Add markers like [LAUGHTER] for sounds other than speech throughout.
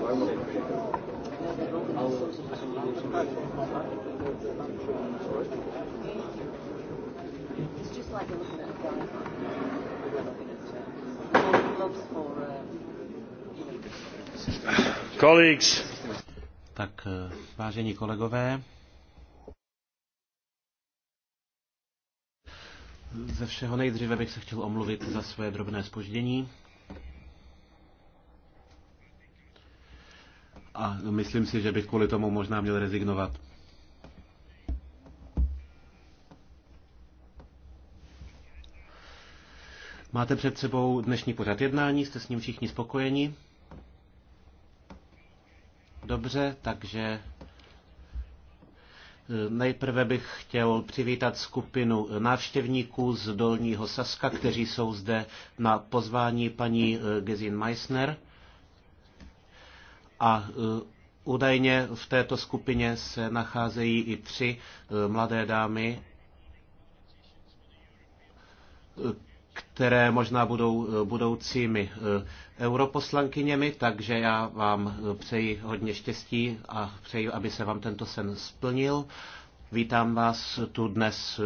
Uh, Colleagues. Tak eh, vážení kolegové, ze všeho nejdříve bych se chtěl omluvit za své drobné spoždění. a myslím si, že bych kvůli tomu možná měl rezignovat. Máte před sebou dnešní pořad jednání, jste s ním všichni spokojeni? Dobře, takže e, nejprve bych chtěl přivítat skupinu návštěvníků z Dolního Saska, kteří jsou zde na pozvání paní e, Gezin Meissner. A e, údajně v této skupině se nacházejí i tři e, mladé dámy, e, které možná budou budoucími europoslankyněmi, takže já vám přeji hodně štěstí a přeji, aby se vám tento sen splnil. Vítám vás tu dnes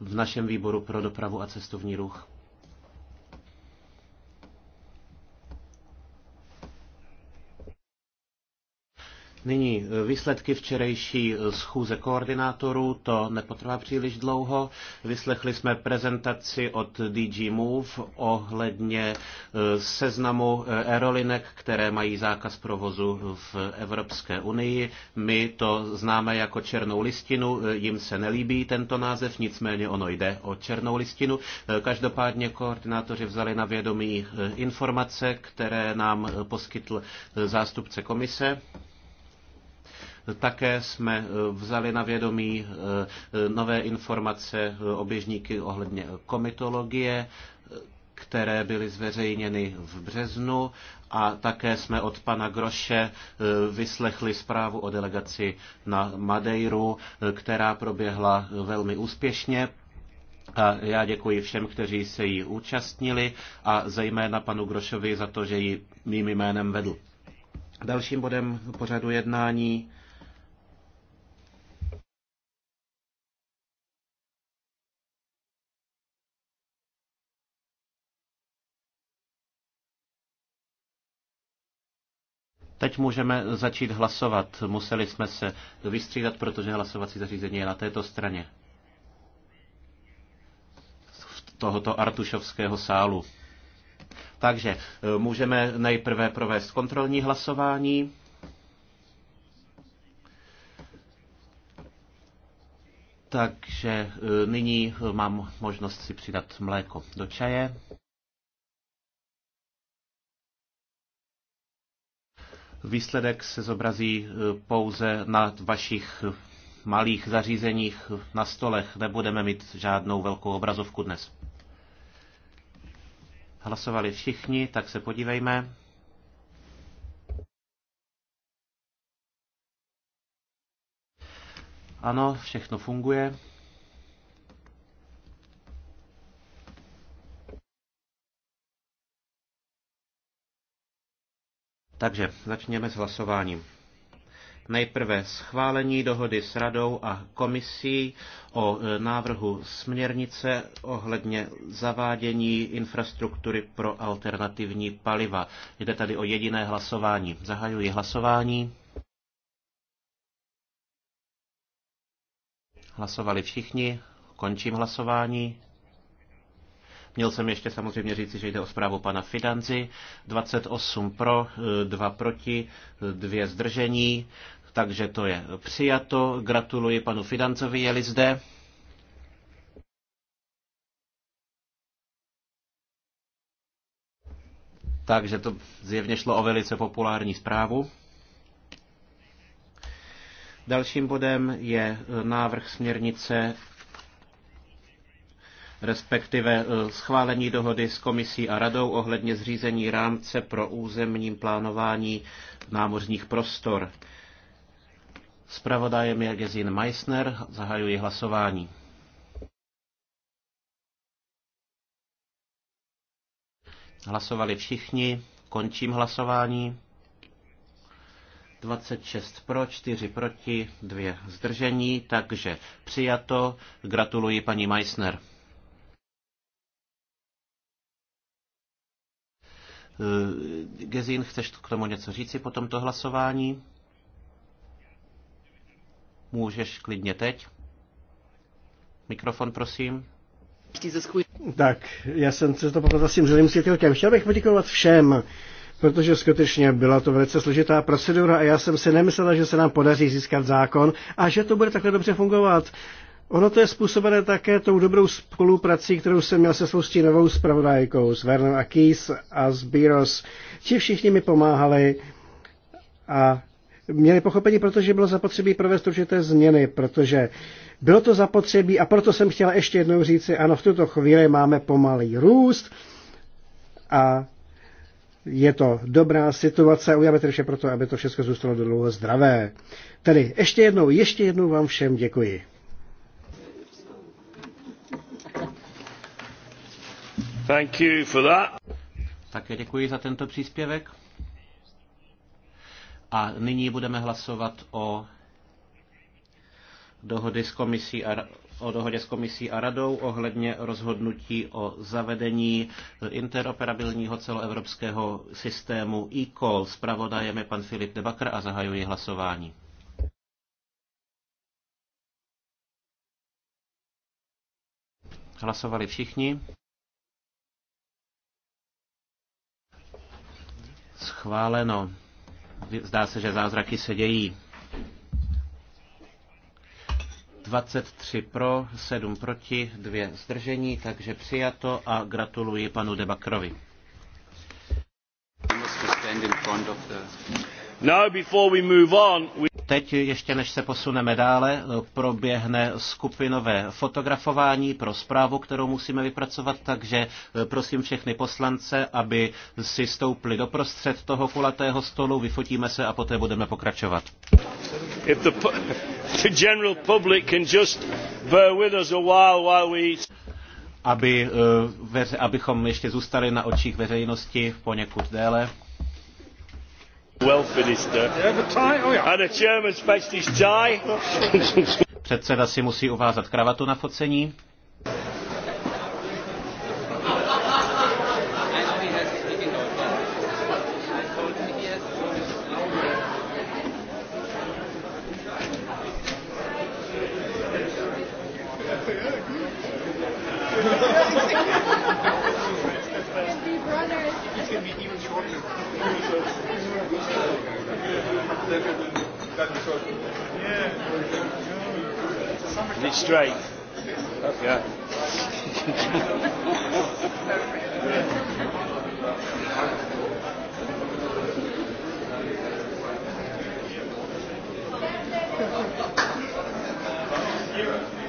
v našem výboru pro dopravu a cestovní ruch. Nyní e, výsledky včerejší e, schůze koordinátorů, to nepotrvá příliš dlouho. Vyslechli jsme prezentaci od DG Move ohledně e, seznamu aerolinek, které mají zákaz provozu v Evropské unii. My to známe jako černou listinu, jim se nelíbí tento název, nicméně ono jde o černou listinu. Každopádně koordinátoři vzali na vědomí informace, které nám poskytl zástupce komise. Také jsme eh, vzali na vědomí eh, eh, nové informace oběžníky ohledně komitologie, které byly zveřejněny v březnu a také jsme od pana Groše vyslechli zprávu o delegaci na Madeiru, která proběhla velmi úspěšně. A já děkuji všem, kteří se jí účastnili a zejména panu Grošovi za to, že ji mým jménem vedl. Dalším bodem pořadu jednání Teď můžeme začít hlasovat. Museli jsme se vystřídat, protože hlasovací zařízení je na této straně tohoto artušovského sálu. Takže eh, můžeme nejprve provést kontrolní hlasování. Takže eh, nyní eh, mám možnost si přidat mléko do čaje. Výsledek se zobrazí eh, pouze na vašich eh, malých zařízeních eh, na stolech. Nebudeme mít žádnou velkou obrazovku dnes. Hlasovali všichni, tak se podívejme. Ano, všechno funguje. Takže začněme s hlasováním. Nejprve schválení dohody s radou a komisí o e, návrhu směrnice ohledně zavádění infrastruktury pro alternativní paliva. Jde tady o jediné hlasování. Zahajuji hlasování. Hlasovali všichni. Končím hlasování. Měl jsem ještě samozřejmě říci, že jde o zprávu pana Fidanzi. 28 pro, 2 proti, 2 zdržení, takže to je přijato. Gratuluji panu Fidancovi, jeli zde. Takže to zjevně šlo o velice populární zprávu. Dalším bodem je návrh směrnice respektive eh, schválení dohody s komisí a radou ohledně zřízení rámce pro územní plánování námořních prostor. Spravodajem je Gesine Meissner, zahajuji hlasování. Hlasovali všichni, končím hlasování. 26 pro, 4 proti, 2 zdržení, takže přijato. Gratuluji paní Meissner. Eh, Gezin, chceš k tomu něco říci po tomto hlasování? Můžeš klidně teď. Mikrofon, prosím. Tak, já jsem se to popadl s tím živým světilkem. Chtěl bych poděkovat všem, protože skutečně byla to velice složitá procedura a já jsem si nemyslela, že se nám podaří získat zákon a že to bude takhle dobře fungovat. Ono to je způsobené také tou dobrou spoluprací, kterou jsem měl se svou stínovou zpravodajkou, s Vernem Akis a s Biros. Ti všichni mi pomáhali a měli pochopení, protože bylo zapotřebí provést určité změny, protože bylo to zapotřebí a proto jsem chtěl ještě jednou říci, ano, v tuto chvíli máme pomalý růst a je to dobrá situace, uděláme tedy vše proto, aby to všechno zůstalo dlouho zdravé. Tedy ještě jednou, ještě jednou vám všem děkuji. Thank you for that. Také děkuji za tento příspěvek. A nyní budeme hlasovat o dohody s komisí a, o dohodě s komisí a radou ohledně rozhodnutí o zavedení interoperabilního celoevropského systému e-call. Spravodajem je pan Filip Debakr a zahajuji hlasování. Hlasovali všichni. Schváleno. Zdá se, že zázraky se dějí. 23 pro, 7 proti, 2 zdržení, takže přijato a gratuluji panu Debakrovi. Now before we move on, we... Teď, ještě než se posuneme dále, proběhne skupinové fotografování pro zprávu, kterou musíme vypracovat, takže prosím všechny poslance, aby si stoupli prostřed toho kulatého stolu, vyfotíme se a poté budeme pokračovat. Aby, eh, abychom ještě zůstali na očích veřejnosti poněkud déle. Wealth Minister. Oh, And a German specialist tie. [LAUGHS] Předseda si musí uvázat kravatu na focení. And it's straight. Yeah. Thank [LAUGHS] you.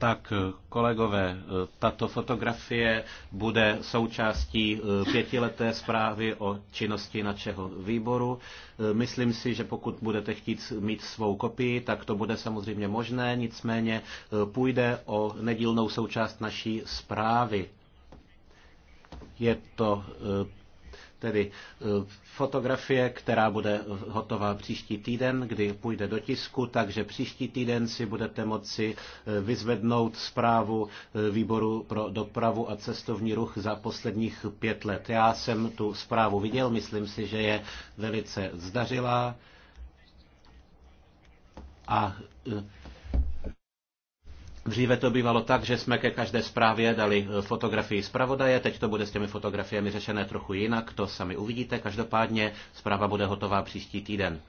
Tak, eh, kolegové, eh, tato fotografie bude součástí eh, pětileté zprávy o činnosti našeho výboru. Myslím si, že pokud budete chtít mít svou kopii, tak to bude samozřejmě možné, nicméně půjde o nedílnou součást naší zprávy. Je to Tedy e, fotografie, která bude hotová příští týden, kdy půjde do tisku, takže příští týden si budete moci e, vyzvednout zprávu e, výboru pro dopravu a cestovní ruch za posledních pět let. Já jsem tu zprávu viděl, myslím si, že je velice zdařilá. A Dříve to bývalo tak, že jsme ke každé zprávě dali eh, fotografii zpravodaje, teď to bude s těmi fotografiemi řešené trochu jinak, to sami uvidíte. Každopádně zpráva bude hotová příští týden.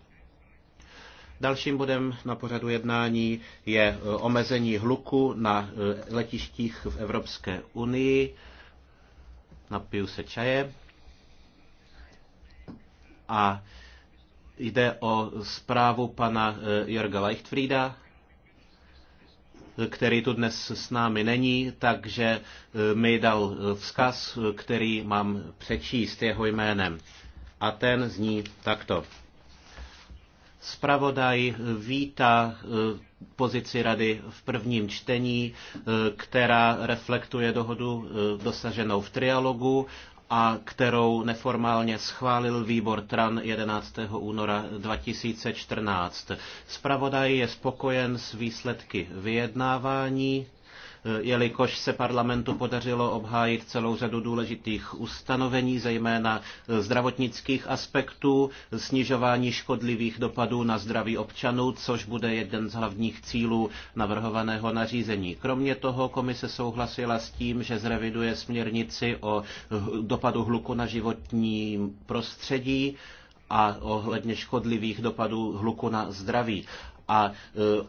Dalším bodem na pořadu jednání je eh, omezení hluku na eh, letištích v Evropské unii. Napiju se čaje. A jde o zprávu pana Jorga Leichtfrieda, který tu dnes s námi není, takže e, mi dal e, vzkaz, e, který mám přečíst jeho jménem. A ten zní takto. Spravodaj vítá pozici rady v prvním čtení, která reflektuje dohodu dosaženou v trialogu a kterou neformálně schválil výbor TRAN 11. února 2014. Spravodaj je spokojen s výsledky vyjednávání Eh, jelikož se parlamentu podařilo obhájit celou řadu důležitých ustanovení, zejména eh, zdravotnických aspektů, snižování škodlivých dopadů na zdraví občanů, což bude jeden z hlavních cílů navrhovaného nařízení. Kromě toho komise souhlasila s tím, že zreviduje směrnici o eh, dopadu hluku na životní prostředí, a ohledně škodlivých dopadů hluku na zdraví. A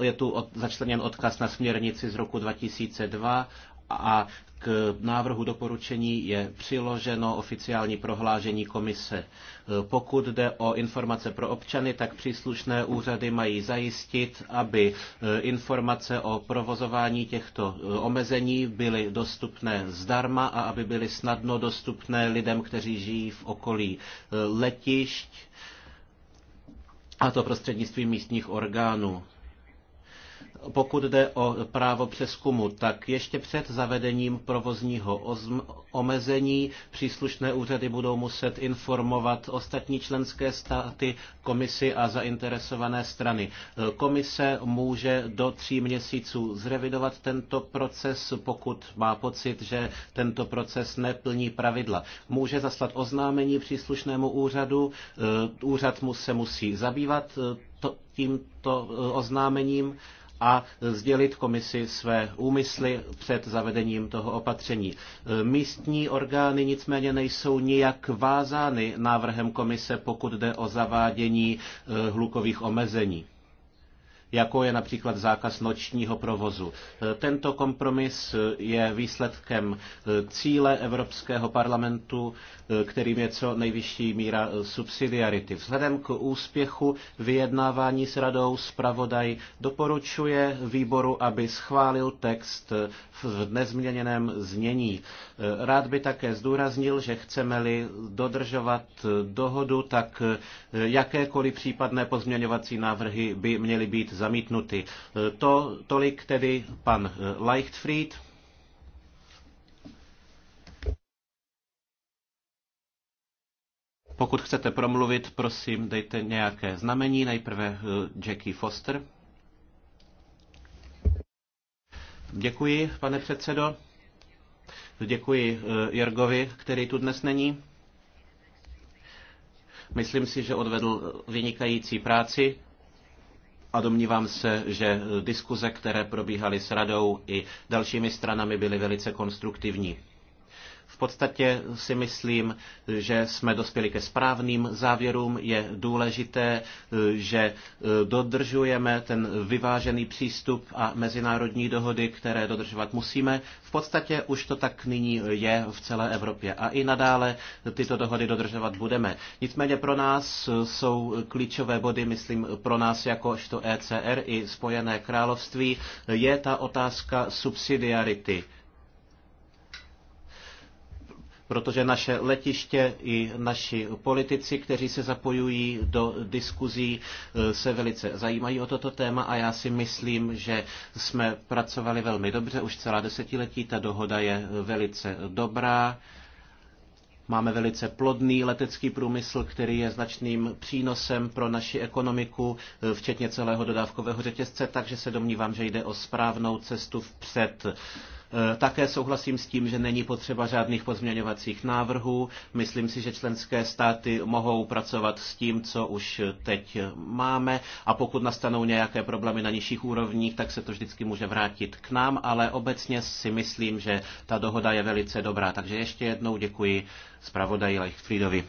e, je tu začleněn odkaz na směrnici z roku 2002 a k návrhu doporučení je přiloženo oficiální prohlášení komise. E, pokud jde o informace pro občany, tak příslušné úřady mají zajistit, aby e, informace o provozování těchto omezení byly dostupné zdarma a aby byly snadno dostupné lidem, kteří žijí v okolí letišť a to prostřednictvím místních orgánů pokud jde o právo přeskumu, tak ještě před zavedením provozního omezení příslušné úřady budou muset informovat ostatní členské státy, komisi a zainteresované strany. Komise může do tří měsíců zrevidovat tento proces, pokud má pocit, že tento proces neplní pravidla. Může zaslat oznámení příslušnému úřadu, eh, úřad mu se musí zabývat eh, tímto eh, oznámením a sdělit komisi své úmysly před zavedením toho opatření. Místní orgány nicméně nejsou nijak vázány návrhem komise, pokud jde o zavádění eh, hlukových omezení jako je například zákaz nočního provozu. E, tento kompromis e, je výsledkem e, cíle Evropského parlamentu, kterým je co nejvyšší míra subsidiarity. Vzhledem k úspěchu vyjednávání s radou zpravodaj doporučuje výboru, aby schválil text v nezměněném znění. Rád by také zdůraznil, že chceme-li dodržovat dohodu, tak jakékoliv případné pozměňovací návrhy by měly být zamítnuty. E, to tolik tedy pan e, Leichtfried. Pokud chcete promluvit, prosím, dejte nějaké znamení. Nejprve e, Jackie Foster. Děkuji, pane předsedo. Děkuji Jergovi, který tu dnes není. Myslím si, že odvedl vynikající práci a domnívám se, že diskuze, které probíhaly s radou i dalšími stranami, byly velice konstruktivní podstatě si myslím, že jsme dospěli ke správným závěrům. Je důležité, že dodržujeme ten vyvážený přístup a mezinárodní dohody, které dodržovat musíme. V podstatě už to tak nyní je v celé Evropě a i nadále tyto dohody dodržovat budeme. Nicméně pro nás jsou klíčové body, myslím, pro nás jakožto ECR i Spojené království, je ta otázka subsidiarity protože naše letiště i naši politici, kteří se zapojují do diskuzí, eh, se velice zajímají o toto téma a já si myslím, že jsme pracovali velmi dobře, už celá desetiletí ta dohoda je eh, velice dobrá. Máme velice plodný letecký průmysl, který je značným přínosem pro naši ekonomiku, eh, včetně celého dodávkového řetězce, takže se domnívám, že jde o správnou cestu vpřed. Eh, také souhlasím s tím, že není potřeba žádných pozměňovacích návrhů. Myslím si, že členské státy mohou pracovat s tím, co už teď máme a pokud nastanou nějaké problémy na nižších úrovních, tak se to vždycky může vrátit k nám, ale obecně si myslím, že ta dohoda je velice dobrá. Takže ještě jednou děkuji zpravodaji Leichtfriedovi.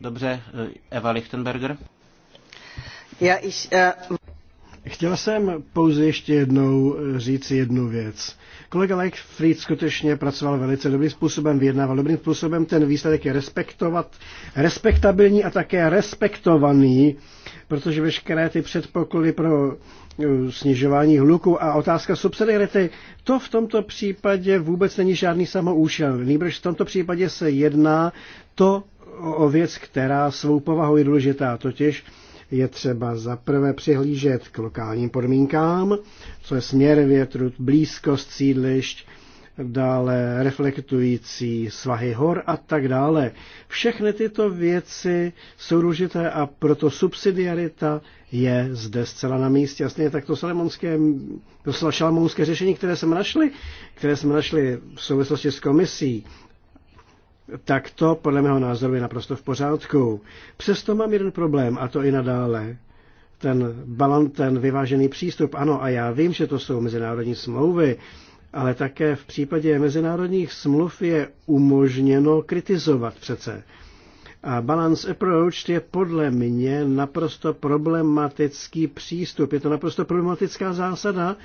Dobře, eh, Eva Lichtenberger. Já iš, uh... Eh, Chtěla jsem pouze ještě jednou říct jednu věc. Kolega Fried skutečně pracoval velice dobrým způsobem, vyjednával dobrým způsobem, ten výsledek je respektovat, respektabilní a také respektovaný, protože veškeré ty předpoklady pro eh, snižování hluku a otázka subsidiarity, to v tomto případě vůbec není žádný samoušel. Nýbrž v tomto případě se jedná to o věc, která svou povahou je důležitá, totiž je třeba zaprvé přihlížet k lokálním podmínkám, co je směr větru, blízkost sídlišť, dále reflektující svahy hor a tak dále. Všechny tyto věci jsou důležité a proto subsidiarita je zde zcela na místě. Jasně, tak to salamonské, to šalamonské řešení, které jsme našli, které jsme našli v souvislosti s komisí, tak to podle mého názoru je naprosto v pořádku. Přesto mám jeden problém, a to i nadále. Ten balon, ten vyvážený přístup, ano, a já vím, že to jsou mezinárodní smlouvy, ale také v případě mezinárodních smluv je umožněno kritizovat přece. A balance approach je podle mě naprosto problematický přístup. Je to naprosto problematická zásada,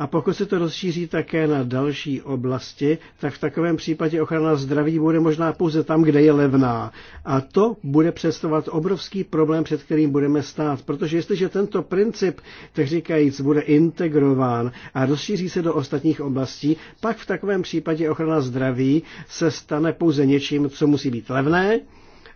a pokud se to rozšíří také na další oblasti, tak v takovém případě ochrana zdraví bude možná pouze tam, kde je levná. A to bude představovat obrovský problém, před kterým budeme stát, protože jestliže tento princip, tak říkajíc, bude integrován a rozšíří se do ostatních oblastí, pak v takovém případě ochrana zdraví se stane pouze něčím, co musí být levné,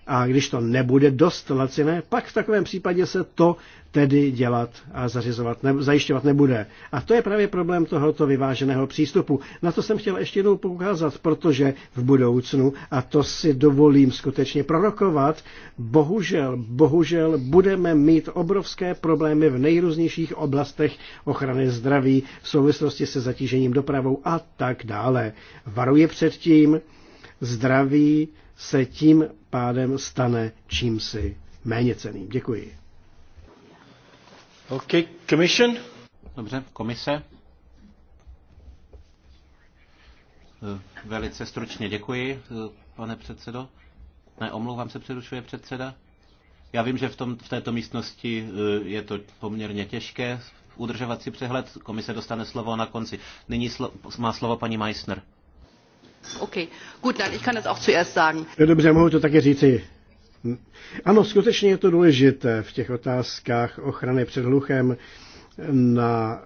a když to nebude dost laciné, pak v takovém případě se to tedy dělat a zařizovat, ne, zajišťovat nebude. A to je právě problém tohoto vyváženého přístupu. Na to jsem chtěl ještě jednou poukázat, protože v budoucnu, a to si dovolím skutečně prorokovat, bohužel, bohužel budeme mít obrovské problémy v nejrůznějších oblastech ochrany zdraví v souvislosti se zatížením dopravou a tak dále. Varuje před tím, zdraví se tím pádem stane čímsi méně ceným. Děkuji. OK, commission. Dobře, komise. Velice stručně děkuji, pane předsedo. Ne, omlouvám se, přerušuje předseda. Já vím, že v, tom, v této místnosti eh, je to poměrně těžké udržovat si přehled. Komise dostane slovo na konci. Nyní slo, má slovo paní Meissner. Dobře, mohu to taky říci. Ano, skutečně je to důležité v těch otázkách ochrany před hluchem na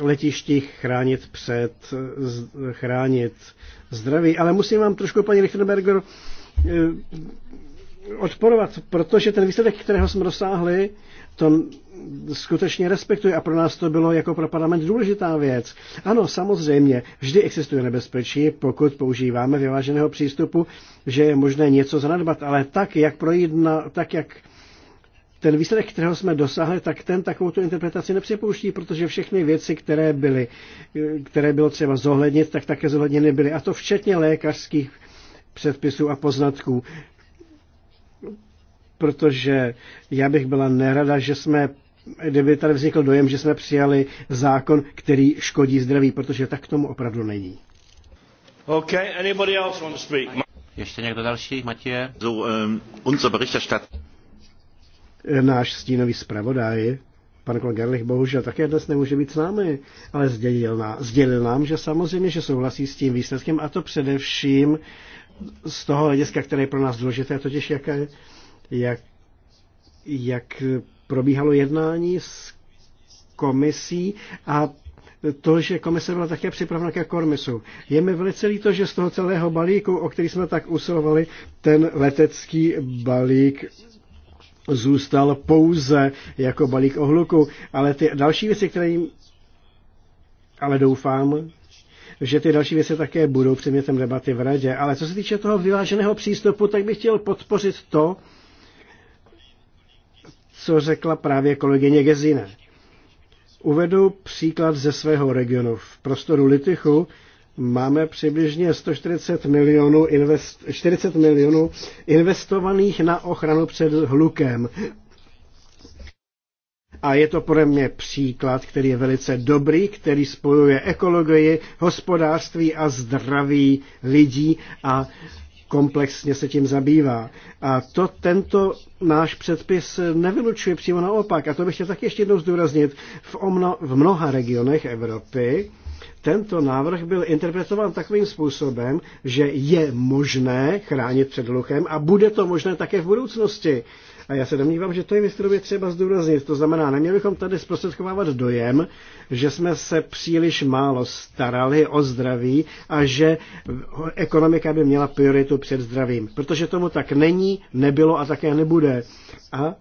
letištích chránit před, chránit zdraví. Ale musím vám trošku, paní Lichtenberger, eh, odporovat, protože ten výsledek, kterého jsme dosáhli, to skutečně respektuje a pro nás to bylo jako pro parlament důležitá věc. Ano, samozřejmě, vždy existuje nebezpečí, pokud používáme vyváženého přístupu, že je možné něco zanedbat, ale tak, jak projít na, tak, jak ten výsledek, kterého jsme dosáhli, tak ten takovou tu interpretaci nepřipouští, protože všechny věci, které, byly, které bylo třeba zohlednit, tak také zohledněny byly. A to včetně lékařských předpisů a poznatků protože já bych byla nerada, že jsme kdyby tady vznikl dojem, že jsme přijali zákon, který škodí zdraví, protože tak tomu opravdu není. Okay, anybody else want to speak? Ještě někdo další? Matěje? So, um, unser eh, Náš stínový zpravodaj, pan kolega Gerlich, bohužel také dnes nemůže být s námi, ale sdělil, nám, sdělil nám, že samozřejmě, že souhlasí s tím výsledkem, a to především z toho hlediska, které je pro nás důležité, totiž jaké, jak, jak probíhalo jednání s komisí a to, že komise byla také připravena ke kormisu. Je mi velice líto, že z toho celého balíku, o který jsme tak usilovali, ten letecký balík zůstal pouze jako balík ohluku, ale ty další věci, které jim... Ale doufám, že ty další věci také budou předmětem debaty v radě. Ale co se týče toho vyváženého přístupu, tak bych chtěl podpořit to, co řekla právě kolegyně Gezine. Uvedu příklad ze svého regionu. V prostoru Litychu máme přibližně 140 milionů, invest, 40 milionů investovaných na ochranu před hlukem. A je to pro mě příklad, který je velice dobrý, který spojuje ekologii, hospodářství a zdraví lidí a komplexně se tím zabývá. A to tento náš předpis nevylučuje přímo naopak. A to bych chtěl taky ještě jednou zdůraznit. V, omno, v mnoha regionech Evropy tento návrh byl interpretován takovým způsobem, že je možné chránit před hluchem a bude to možné také v budoucnosti. A já se domnívám, že to je mistrově třeba zdůraznit. To znamená, neměli bychom tady zprostředkovávat dojem, že jsme se příliš málo starali o zdraví a že ekonomika by měla prioritu před zdravím. Protože tomu tak není, nebylo a také nebude. A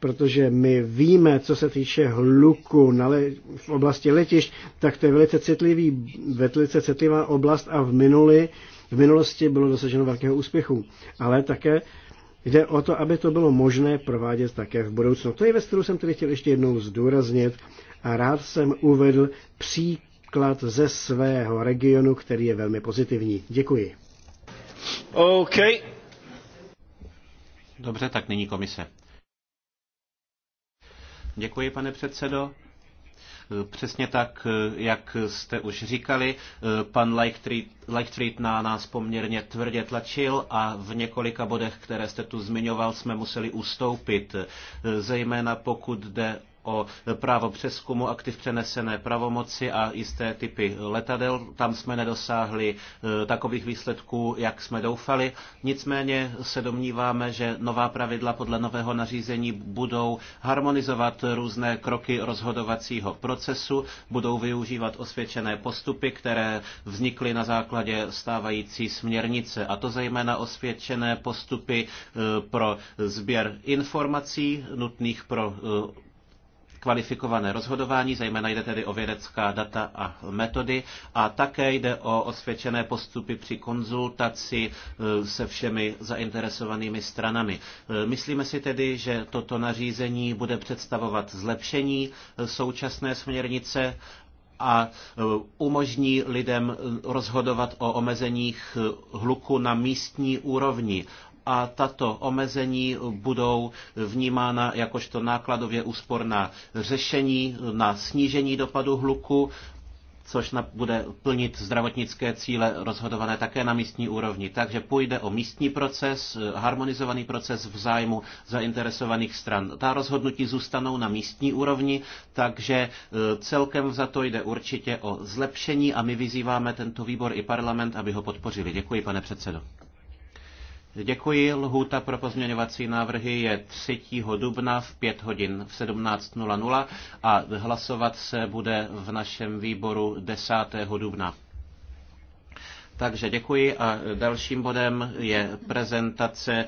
protože my víme, co se týče hluku na le- v oblasti letišť, tak to je velice, citlivý, velice citlivá oblast a v, minuli, v minulosti bylo dosaženo velkého úspěchu. Ale také Jde o to, aby to bylo možné provádět také v budoucnu. To je věc, kterou jsem tedy chtěl ještě jednou zdůraznit a rád jsem uvedl příklad ze svého regionu, který je velmi pozitivní. Děkuji. OK. Dobře, tak nyní komise. Děkuji, pane předsedo. Přesně tak, jak jste už říkali, pan Lightfried na nás poměrně tvrdě tlačil a v několika bodech, které jste tu zmiňoval, jsme museli ustoupit, zejména pokud jde o právo přeskumu aktiv přenesené pravomoci a jisté typy letadel. Tam jsme nedosáhli e, takových výsledků, jak jsme doufali. Nicméně se domníváme, že nová pravidla podle nového nařízení budou harmonizovat různé kroky rozhodovacího procesu, budou využívat osvědčené postupy, které vznikly na základě stávající směrnice, a to zejména osvědčené postupy e, pro sběr informací nutných pro e, kvalifikované rozhodování, zejména jde tedy o vědecká data a metody a také jde o osvědčené postupy při konzultaci e, se všemi zainteresovanými stranami. E, myslíme si tedy, že toto nařízení bude představovat zlepšení e, současné směrnice a umožní lidem rozhodovat o omezeních hluku na místní úrovni a tato omezení budou vnímána jakožto nákladově úsporná řešení na snížení dopadu hluku což na, bude plnit zdravotnické cíle rozhodované také na místní úrovni. Takže půjde o místní proces, harmonizovaný proces v zájmu zainteresovaných stran. Ta rozhodnutí zůstanou na místní úrovni, takže e, celkem za to jde určitě o zlepšení a my vyzýváme tento výbor i parlament, aby ho podpořili. Děkuji, pane předsedo. Děkuji. Lhůta pro pozměňovací návrhy je 3. dubna v 5 hodin v 17.00 a hlasovat se bude v našem výboru 10. dubna. Takže děkuji a dalším bodem je prezentace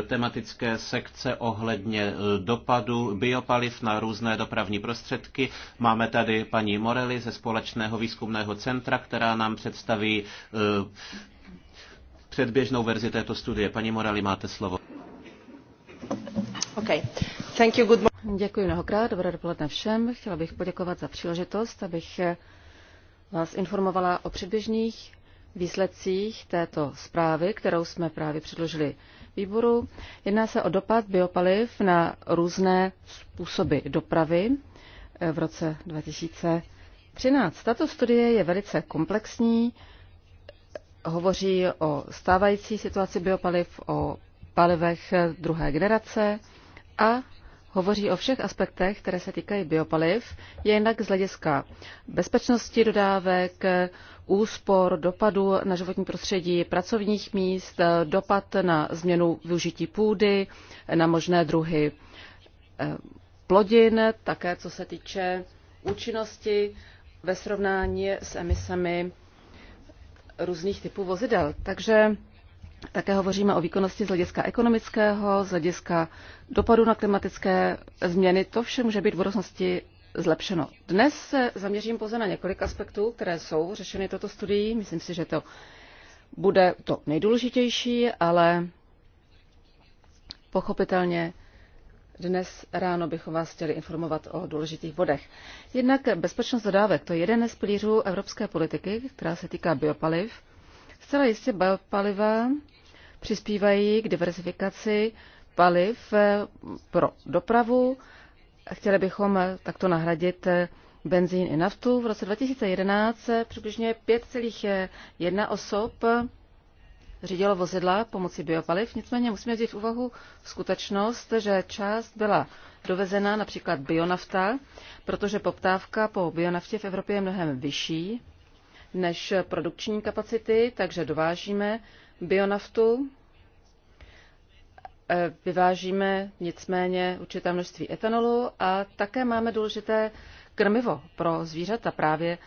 e, tematické sekce ohledně e, dopadu biopaliv na různé dopravní prostředky. Máme tady paní Morely ze Společného výzkumného centra, která nám představí e, předběžnou verzi této studie. Paní Morali, máte slovo. Okay. Thank you. Good Děkuji mnohokrát, dobré dopoledne všem. Chtěla bych poděkovat za příležitost, abych eh, vás informovala o předběžných výsledcích této zprávy, kterou jsme právě předložili výboru. Jedná se o dopad biopaliv na různé způsoby dopravy eh, v roce 2013. Tato studie je velice komplexní, hovoří o stávající situaci biopaliv, o palivech druhé generace a hovoří o všech aspektech, které se týkají biopaliv, je jednak z hlediska bezpečnosti dodávek, úspor, dopadu na životní prostředí, pracovních míst, dopad na změnu využití půdy, na možné druhy eh, plodin, také co se týče účinnosti ve srovnání s emisemi různých typů vozidel. Takže také hovoříme o výkonnosti z hlediska ekonomického, z hlediska dopadu na klimatické změny. To vše může být v budoucnosti zlepšeno. Dnes se zaměřím pouze na několik aspektů, které jsou řešeny toto studií. Myslím si, že to bude to nejdůležitější, ale pochopitelně dnes ráno bychom vás chtěli informovat o důležitých bodech. Jednak bezpečnost dodávek, to je jeden z pilířů evropské politiky, která se týká biopaliv. Zcela jistě biopaliva přispívají k diversifikaci paliv eh, pro dopravu. Chtěli bychom takto nahradit eh, benzín i naftu. V roce 2011 eh, přibližně 5,1 osob řídilo vozidla pomocí biopaliv, nicméně musíme vzít v úvahu skutečnost, že část byla dovezena například bionafta, protože poptávka po bionaftě v Evropě je mnohem vyšší než produkční kapacity, takže dovážíme bionaftu, e, vyvážíme nicméně určité množství etanolu a také máme důležité krmivo pro zvířata, právě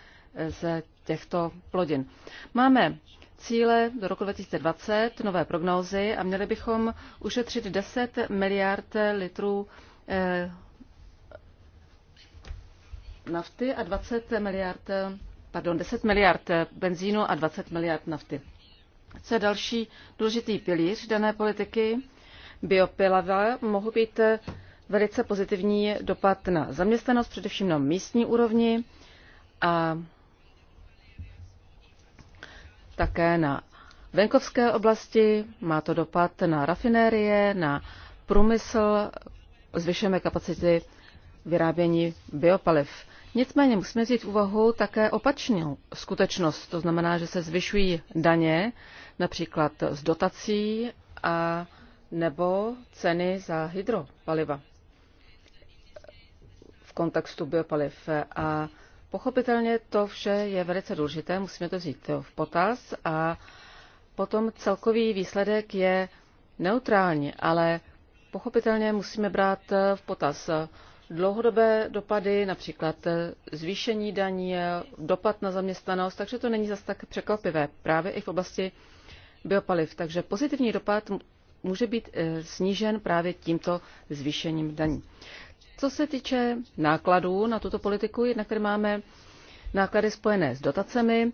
z těchto plodin. Máme cíle do roku 2020, nové prognózy a měli bychom ušetřit 10 miliard litrů eh, nafty a 20 miliard, pardon, 10 miliard benzínu a 20 miliard nafty. Co je další důležitý pilíř dané politiky? Biopilava mohou být eh, velice pozitivní dopad na zaměstnanost, především na místní úrovni a také na venkovské oblasti, má to dopad na rafinérie, na průmysl, zvyšujeme kapacity vyrábění biopaliv. Nicméně musíme vzít v úvahu také opačnou skutečnost, to znamená, že se zvyšují daně, například z dotací a nebo ceny za hydropaliva v kontextu biopaliv. A Pochopitelně to vše je velice důležité, musíme to vzít v potaz a potom celkový výsledek je neutrální, ale pochopitelně musíme brát v potaz dlouhodobé dopady, například zvýšení daní, dopad na zaměstnanost, takže to není zas tak překvapivé právě i v oblasti biopaliv. Takže pozitivní dopad může být eh, snížen právě tímto zvýšením daní. Co se týče nákladů na tuto politiku, jednak tady máme náklady spojené s dotacemi,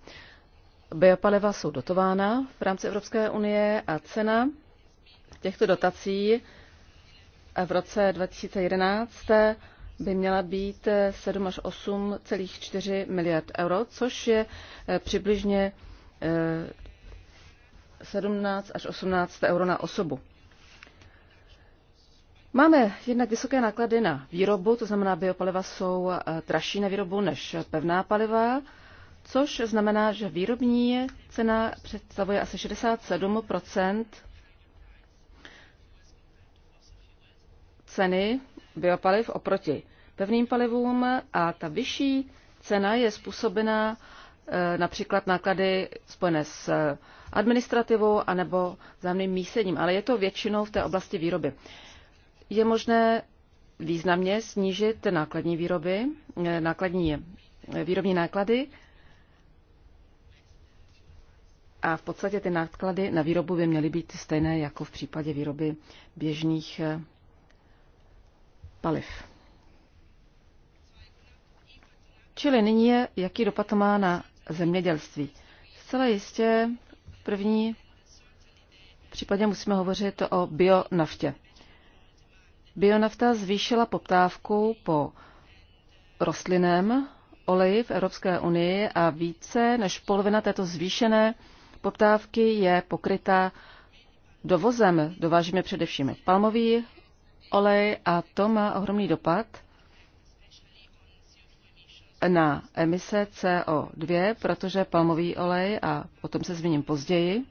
biopaliva jsou dotována v rámci Evropské unie a cena těchto dotací v roce 2011 by měla být 7 až 8,4 miliard euro, což je eh, přibližně 17 eh, až 18 euro na osobu. Máme jednak vysoké náklady na výrobu, to znamená, biopaliva jsou eh, dražší na výrobu než pevná paliva, což znamená, že výrobní cena představuje asi 67 ceny biopaliv oproti pevným palivům a ta vyšší cena je způsobená eh, například náklady spojené s eh, administrativou anebo zájemným mísením, ale je to většinou v té oblasti výroby je možné významně snížit nákladní výroby, eh, nákladní eh, výrobní náklady a v podstatě ty náklady na výrobu by měly být stejné jako v případě výroby běžných eh, paliv. Čili nyní je, jaký dopad to má na zemědělství. Zcela jistě v první případě musíme hovořit o bionaftě. Bionafta zvýšila poptávku po rostlinném oleji v Evropské unii a více než polovina této zvýšené poptávky je pokryta dovozem. Dovážíme především palmový olej a to má ohromný dopad na emise CO2, protože palmový olej, a o tom se zmíním později,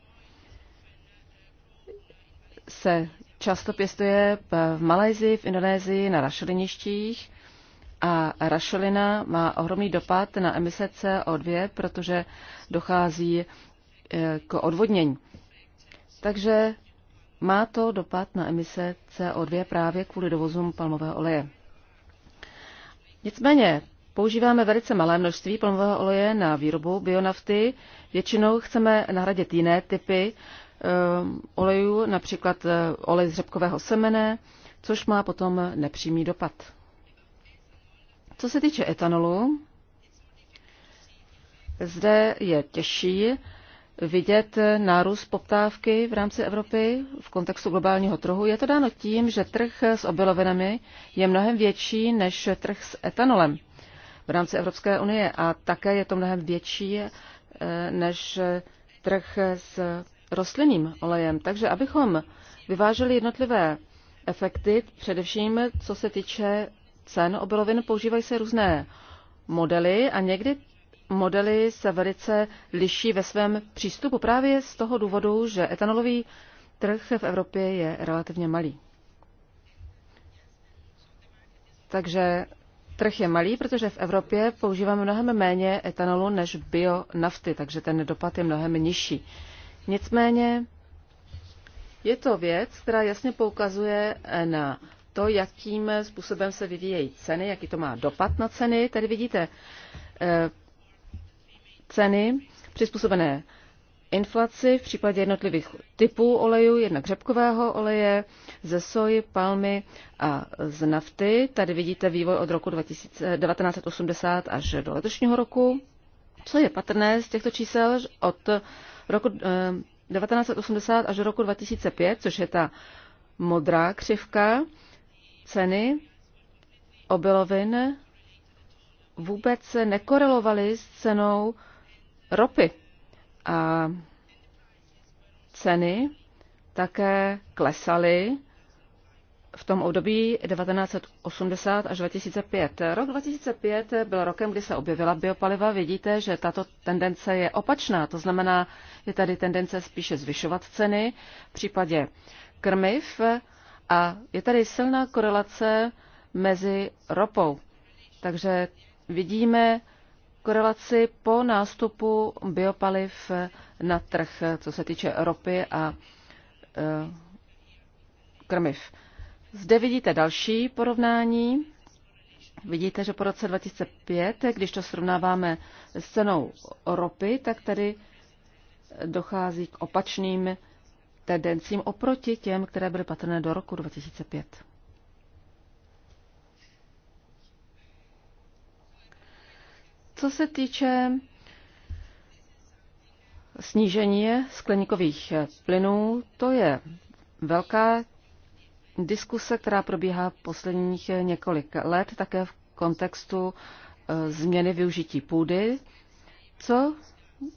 se často pěstuje v Malajzii, v Indonésii, na rašeliništích. A rašelina má ohromný dopad na emise CO2, protože dochází e, k odvodnění. Takže má to dopad na emise CO2 právě kvůli dovozům palmového oleje. Nicméně používáme velice malé množství palmového oleje na výrobu bionafty. Většinou chceme nahradit jiné typy Ehm, olejů, například eh, olej z řepkového semene, což má potom nepřímý dopad. Co se týče etanolu, zde je těžší vidět nárůst poptávky v rámci Evropy v kontextu globálního trhu. Je to dáno tím, že trh s obilovinami je mnohem větší než trh s etanolem v rámci Evropské unie a také je to mnohem větší eh, než trh s rostlinným olejem. Takže abychom vyváželi jednotlivé efekty, především co se týče cen obilovin, používají se různé modely a někdy modely se velice liší ve svém přístupu právě z toho důvodu, že etanolový trh v Evropě je relativně malý. Takže trh je malý, protože v Evropě používáme mnohem méně etanolu než bionafty, takže ten dopad je mnohem nižší. Nicméně je to věc, která jasně poukazuje na to, jakým způsobem se vyvíjejí ceny, jaký to má dopad na ceny. Tady vidíte eh, ceny přizpůsobené inflaci v případě jednotlivých typů olejů, jednak řepkového oleje, ze soji, palmy a z nafty. Tady vidíte vývoj od roku 1980 eh, až do letošního roku. Co je patrné z těchto čísel, od roku 1980 eh, až do roku 2005, což je ta modrá křivka, ceny obilovin vůbec se nekorelovaly s cenou ropy. A ceny také klesaly v tom období 1980 až 2005. Rok 2005 byl rokem, kdy se objevila biopaliva. Vidíte, že tato tendence je opačná, to znamená, je tady tendence spíše zvyšovat ceny v případě krmiv a je tady silná korelace mezi ropou. Takže vidíme korelaci po nástupu biopaliv na trh, co se týče ropy a e, krmiv. Zde vidíte další porovnání. Vidíte, že po roce 2005, když to srovnáváme s cenou ropy, tak tady dochází k opačným tendencím oproti těm, které byly patrné do roku 2005. Co se týče snížení skleníkových plynů, to je velká diskuse, která probíhá v posledních eh, několik let, také v kontextu eh, změny využití půdy. Co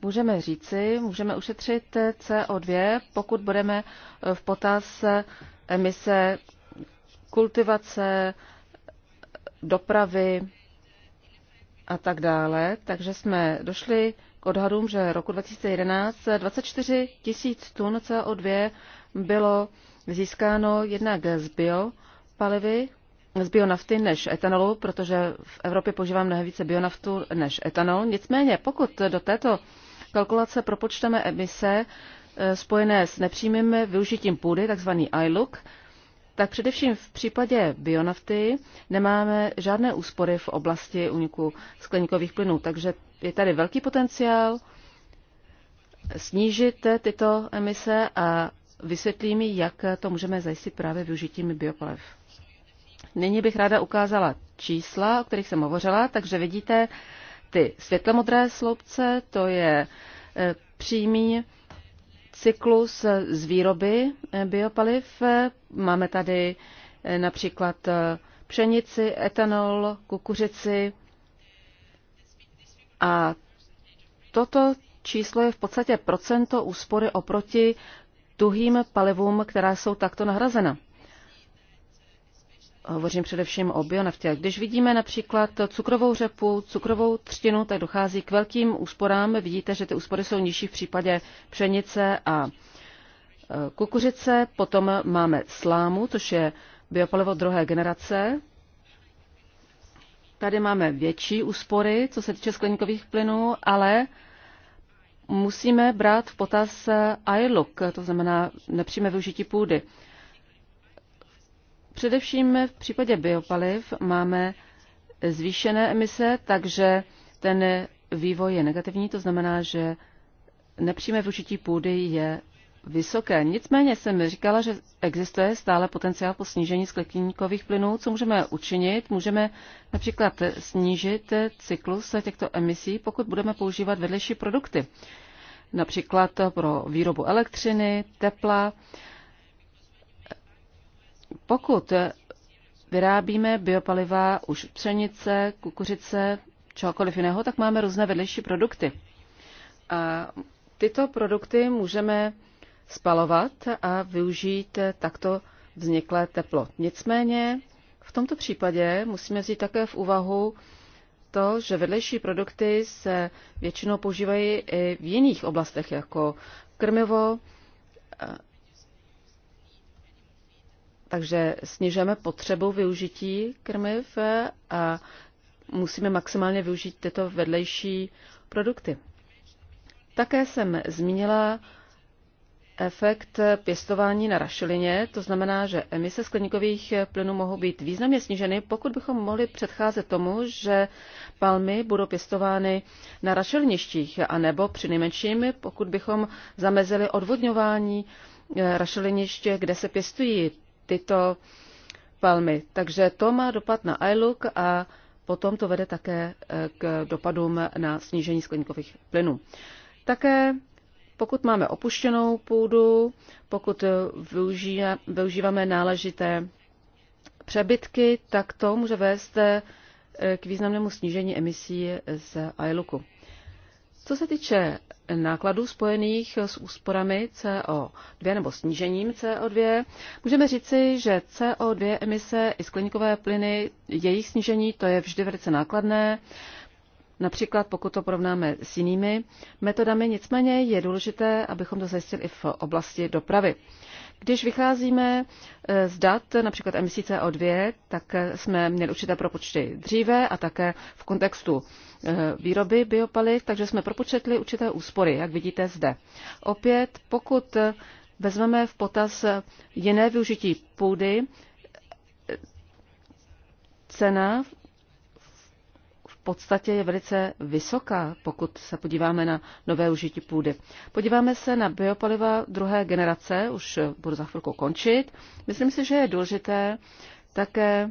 můžeme říci? Můžeme ušetřit eh, CO2, pokud budeme v potaz emise kultivace, dopravy a tak dále. Takže jsme došli odhadům, že roku 2011 24 tisíc tun CO2 bylo získáno jednak z biopalivy, z bionafty než etanolu, protože v Evropě používám mnohem více bionaftu než etanol. Nicméně, pokud do této kalkulace propočteme emise eh, spojené s nepřímým využitím půdy, takzvaný ILUC, tak především v případě bionafty nemáme žádné úspory v oblasti uniku skleníkových plynů, takže je tady velký potenciál snížit tyto emise a vysvětlím, jak to můžeme zajistit právě využitím biopalev. Nyní bych ráda ukázala čísla, o kterých jsem hovořila, takže vidíte ty světlomodré sloupce, to je eh, přímý cyklus eh, z výroby eh, biopaliv. Eh, máme tady například pšenici, etanol, kukuřici a toto číslo je v podstatě procento úspory oproti tuhým palivům, která jsou takto nahrazena. Hovořím především o bionaftě. Když vidíme například cukrovou řepu, cukrovou třtinu, tak dochází k velkým úsporám. Vidíte, že ty úspory jsou nižší v případě pšenice a e, kukuřice. Potom máme slámu, což je biopalivo druhé generace. Tady máme větší úspory, co se týče skleníkových plynů, ale musíme brát v potaz e, iLook, to znamená nepřímé využití půdy. Především v případě biopaliv máme zvýšené emise, takže ten vývoj je negativní, to znamená, že nepřímé využití půdy je vysoké. Nicméně jsem říkala, že existuje stále potenciál po snížení skleníkových plynů. Co můžeme učinit? Můžeme například snížit cyklus těchto emisí, pokud budeme používat vedlejší produkty. Například pro výrobu elektřiny, tepla. Pokud eh, vyrábíme biopaliva už pšenice, kukuřice, čehokoliv jiného, tak máme různé vedlejší produkty. A tyto produkty můžeme spalovat a využít eh, takto vzniklé teplo. Nicméně v tomto případě musíme vzít také v úvahu to, že vedlejší produkty se většinou používají i v jiných oblastech, jako krmivo, eh, takže snižujeme potřebu využití krmiv eh, a musíme maximálně využít tyto vedlejší produkty. Také jsem zmínila efekt pěstování na rašelině, to znamená, že emise skleníkových plynů mohou být významně sníženy, pokud bychom mohli předcházet tomu, že palmy budou pěstovány na rašeliništích, anebo při nejmenším, pokud bychom zamezili odvodňování eh, rašeliniště, kde se pěstují tyto palmy. Takže to má dopad na iLook a potom to vede také eh, k dopadům na snížení skleníkových plynů. Také pokud máme opuštěnou půdu, pokud eh, využíváme náležité přebytky, tak to může vést eh, k významnému snížení emisí z iLooku. Co se týče nákladů spojených s úsporami CO2 nebo snížením CO2, můžeme říci, že CO2 emise i skleníkové plyny, jejich snížení, to je vždy velice nákladné, například pokud to porovnáme s jinými metodami, nicméně je důležité, abychom to zajistili i v oblasti dopravy. Když vycházíme eh, z dat, například emisí CO2, tak eh, jsme měli určité propočty dříve a také v kontextu eh, výroby biopaliv, takže jsme propočetli určité úspory, jak vidíte zde. Opět, pokud vezmeme v potaz jiné využití půdy, cena podstatě je velice vysoká, pokud se podíváme na nové užití půdy. Podíváme se na biopaliva druhé generace, už budu za chvilku končit. Myslím si, že je důležité také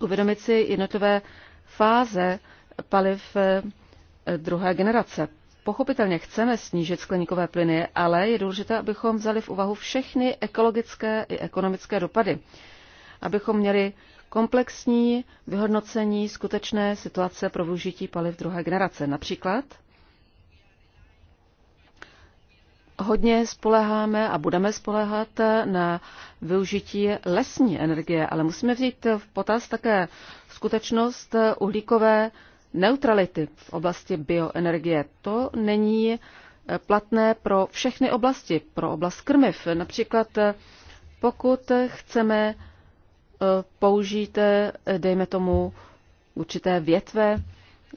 uvědomit si jednotlivé fáze paliv eh, druhé generace. Pochopitelně chceme snížit skleníkové plyny, ale je důležité, abychom vzali v úvahu všechny ekologické i ekonomické dopady abychom měli komplexní vyhodnocení skutečné situace pro využití paliv druhé generace. Například hodně spoleháme a budeme spolehat na využití lesní energie, ale musíme vzít v potaz také skutečnost uhlíkové neutrality v oblasti bioenergie. To není platné pro všechny oblasti, pro oblast krmiv. Například pokud chceme použijte, dejme tomu, určité větve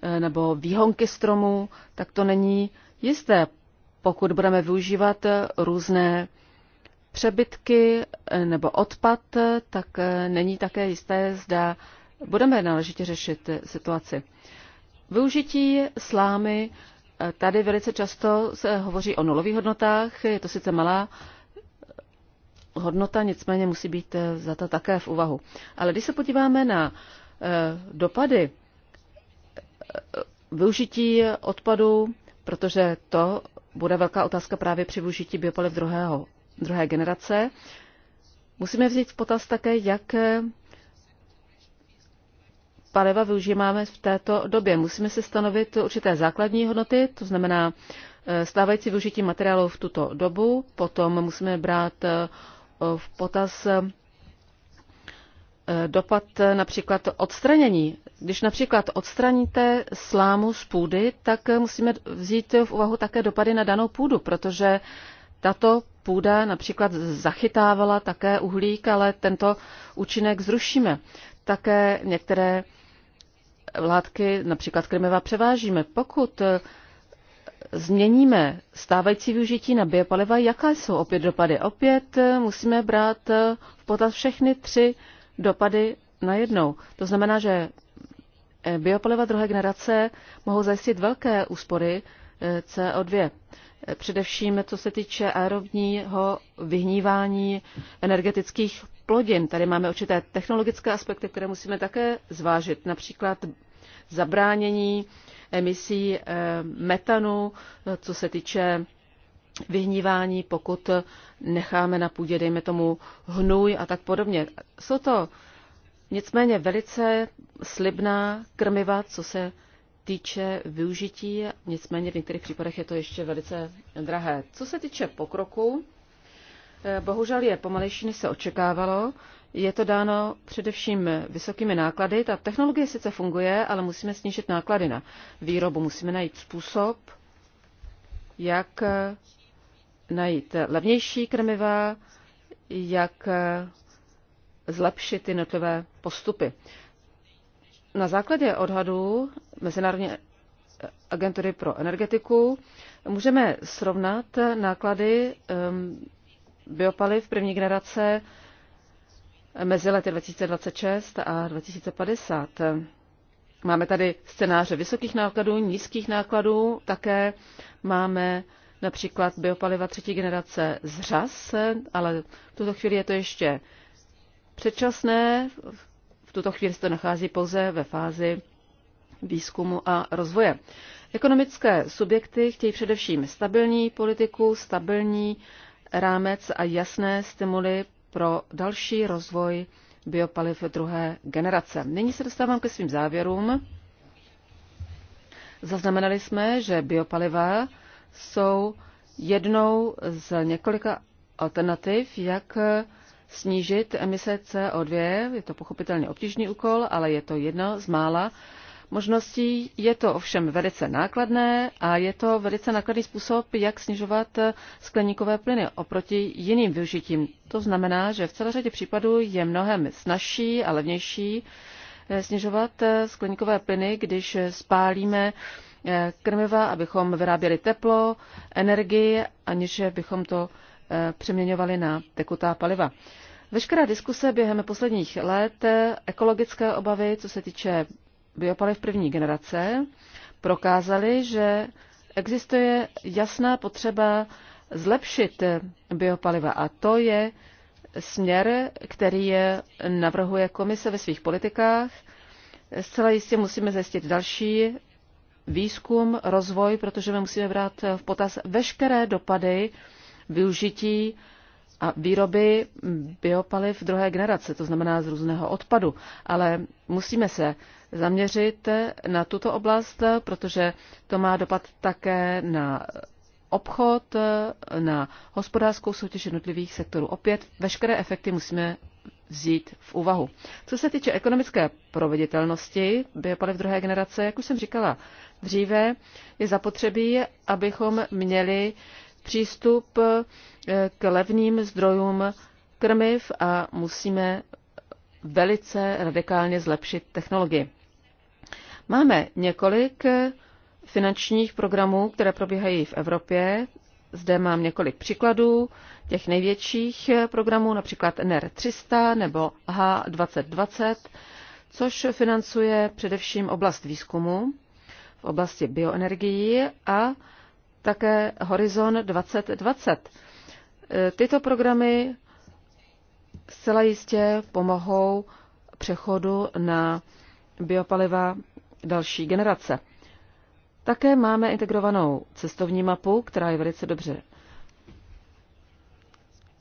eh, nebo výhonky stromů, tak to není jisté. Pokud budeme využívat eh, různé přebytky eh, nebo odpad, tak není také jisté, zda budeme náležitě řešit situaci. Využití slámy, tady velice často se hovoří o nulových hodnotách, je to sice malá hodnota nicméně musí být eh, za to také v úvahu. Ale když se podíváme na eh, dopady eh, využití odpadu, protože to bude velká otázka právě při využití biopaliv druhého, druhé generace, musíme vzít v potaz také, jak paliva využíváme v této době. Musíme si stanovit určité základní hodnoty, to znamená stávající využití materiálu v tuto dobu, potom musíme brát v potaz eh, dopad eh, například odstranění. Když například odstraníte slámu z půdy, tak eh, musíme vzít v úvahu také dopady na danou půdu, protože tato půda například zachytávala také uhlík, ale tento účinek zrušíme. Také některé látky, například krmiva, převážíme. Pokud změníme stávající využití na biopaliva, jaké jsou opět dopady? Opět eh, musíme brát eh, v potaz všechny tři dopady najednou. To znamená, že eh, biopaliva druhé generace mohou zajistit velké úspory CO2. Především co se týče aerobního vyhnívání energetických plodin. Tady máme určité technologické aspekty, které musíme také zvážit. Například zabránění emisí eh, metanu, co se týče vyhnívání, pokud necháme na půdě, dejme tomu, hnůj a tak podobně. Jsou to nicméně velice slibná krmiva, co se týče využití, nicméně v některých případech je to ještě velice drahé. Co se týče pokroku, eh, bohužel je pomalejší, než se očekávalo. Je to dáno především vysokými náklady. Ta technologie sice funguje, ale musíme snížit náklady na výrobu. Musíme najít způsob, jak eh, najít levnější krmiva, jak eh, zlepšit notové postupy. Na základě odhadů Mezinárodní agentury pro energetiku můžeme srovnat náklady ehm, biopaliv první generace mezi lety 2026 a 2050. Máme tady scénáře vysokých nákladů, nízkých nákladů, také máme například biopaliva třetí generace z řas, ale v tuto chvíli je to ještě předčasné. V tuto chvíli se to nachází pouze ve fázi výzkumu a rozvoje. Ekonomické subjekty chtějí především stabilní politiku, stabilní rámec a jasné stimuly pro další rozvoj biopaliv druhé generace. Nyní se dostávám ke svým závěrům. Zaznamenali jsme, že biopaliva jsou jednou z několika alternativ, jak snížit emise CO2. Je to pochopitelně obtížný úkol, ale je to jedno z mála možností. Je to ovšem velice nákladné a je to velice nákladný způsob, jak snižovat eh, skleníkové plyny oproti jiným využitím. To znamená, že v celé řadě případů je mnohem snažší a levnější eh, snižovat eh, skleníkové plyny, když spálíme krmiva, abychom vyráběli teplo, energii, aniž bychom to přeměňovali na tekutá paliva. Veškerá diskuse během posledních let, ekologické obavy, co se týče biopaliv první generace prokázali, že existuje jasná potřeba zlepšit biopaliva a to je směr, který je navrhuje komise ve svých politikách. Zcela jistě musíme zajistit další výzkum, rozvoj, protože my musíme brát v potaz veškeré dopady využití a výroby biopaliv druhé generace, to znamená z různého odpadu. Ale musíme se zaměřit na tuto oblast, protože to má dopad také na obchod, na hospodářskou soutěž jednotlivých sektorů. Opět veškeré efekty musíme vzít v úvahu. Co se týče ekonomické proveditelnosti biopaliv druhé generace, jak už jsem říkala dříve, je zapotřebí, abychom měli přístup eh, k levným zdrojům krmiv a musíme velice radikálně zlepšit technologii. Máme několik eh, finančních programů, které probíhají v Evropě. Zde mám několik příkladů těch největších eh, programů, například nr e 300 nebo H2020, což financuje především oblast výzkumu v oblasti bioenergií a také Horizon 2020. Eh, tyto programy zcela jistě pomohou přechodu na biopaliva další generace. Také máme integrovanou cestovní mapu, která je velice dobře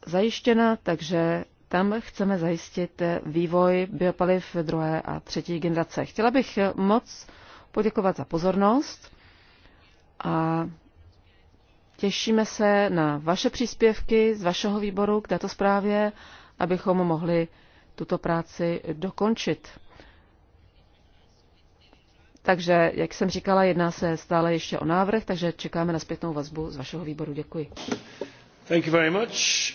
zajištěna, takže tam chceme zajistit vývoj biopaliv druhé a třetí generace. Chtěla bych moc poděkovat za pozornost a těšíme se na vaše příspěvky z vašeho výboru k této zprávě, abychom mohli tuto práci dokončit. Takže, jak jsem říkala, jedná se stále ještě o návrh, takže čekáme na zpětnou vazbu z vašeho výboru. Děkuji. Thank you very much.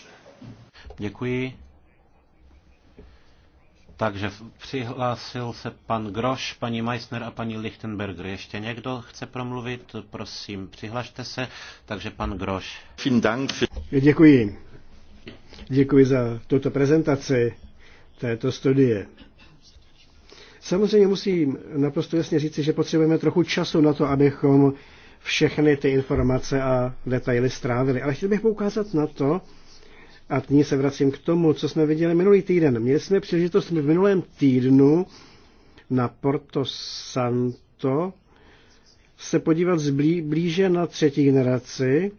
Děkuji. Takže přihlásil se pan Groš, paní Meissner a paní Lichtenberger. Ještě někdo chce promluvit? Prosím, přihlašte se. Takže pan Groš. Děkuji. Děkuji za tuto prezentaci této studie. Samozřejmě musím naprosto jasně říci, že potřebujeme trochu času na to, abychom všechny ty informace a detaily strávili. Ale chtěl bych poukázat na to, a nyní se vracím k tomu, co jsme viděli minulý týden. Měli jsme příležitost v minulém týdnu na Porto Santo se podívat zblí, blíže na třetí generaci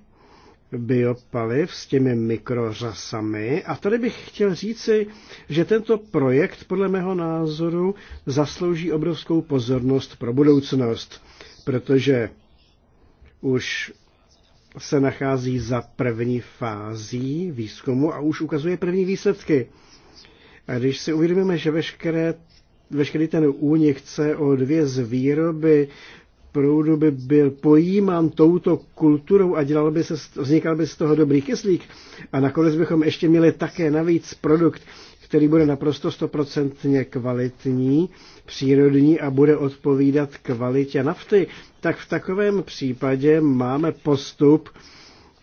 biopaliv s těmi mikrořasami. A tady bych chtěl říci, že tento projekt podle mého názoru zaslouží obrovskou pozornost pro budoucnost, protože už se nachází za první fází výzkumu a už ukazuje první výsledky. A když si uvědomíme, že veškeré, veškerý ten únik CO2 z výroby proudu by byl pojímán touto kulturou a dělal by se, vznikal by z toho dobrý kyslík. A nakonec bychom ještě měli také navíc produkt, který bude naprosto stoprocentně kvalitní, přírodní a bude odpovídat kvalitě nafty, tak v takovém případě máme postup,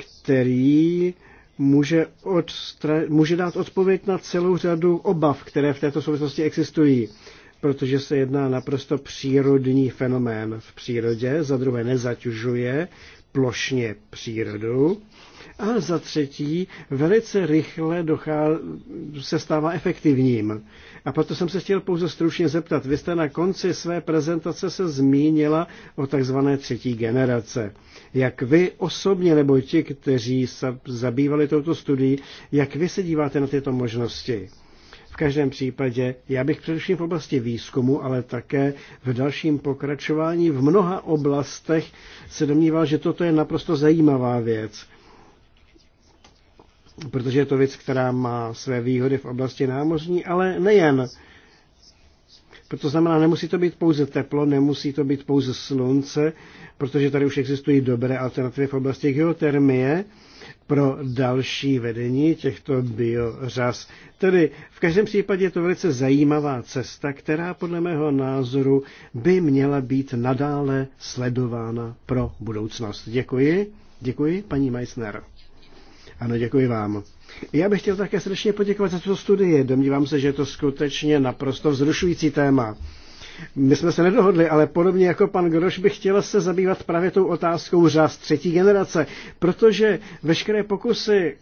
který může, odstra- může dát odpověď na celou řadu obav, které v této souvislosti existují protože se jedná naprosto přírodní fenomén v přírodě, za druhé nezaťužuje plošně přírodu a za třetí velice rychle dochá, se stává efektivním. A proto jsem se chtěl pouze stručně zeptat. Vy jste na konci své prezentace se zmínila o takzvané třetí generace. Jak vy osobně, nebo ti, kteří se zabývali touto studií, jak vy se díváte na tyto možnosti? V každém případě já bych především v oblasti výzkumu, ale také v dalším pokračování v mnoha oblastech se domníval, že toto je naprosto zajímavá věc protože je to věc, která má své výhody v oblasti námořní, ale nejen. Proto znamená, nemusí to být pouze teplo, nemusí to být pouze slunce, protože tady už existují dobré alternativy v oblasti geotermie, pro další vedení těchto biořas. Tedy v každém případě je to velice zajímavá cesta, která podle mého názoru by měla být nadále sledována pro budoucnost. Děkuji. Děkuji, paní Meissner. Ano, děkuji vám. Já bych chtěl také srdečně poděkovat za tuto studii. Domnívám se, že je to skutečně naprosto vzrušující téma. My jsme se nedohodli, ale podobně jako pan Groš bych chtěl se zabývat právě tou otázkou řád třetí generace, protože veškeré pokusy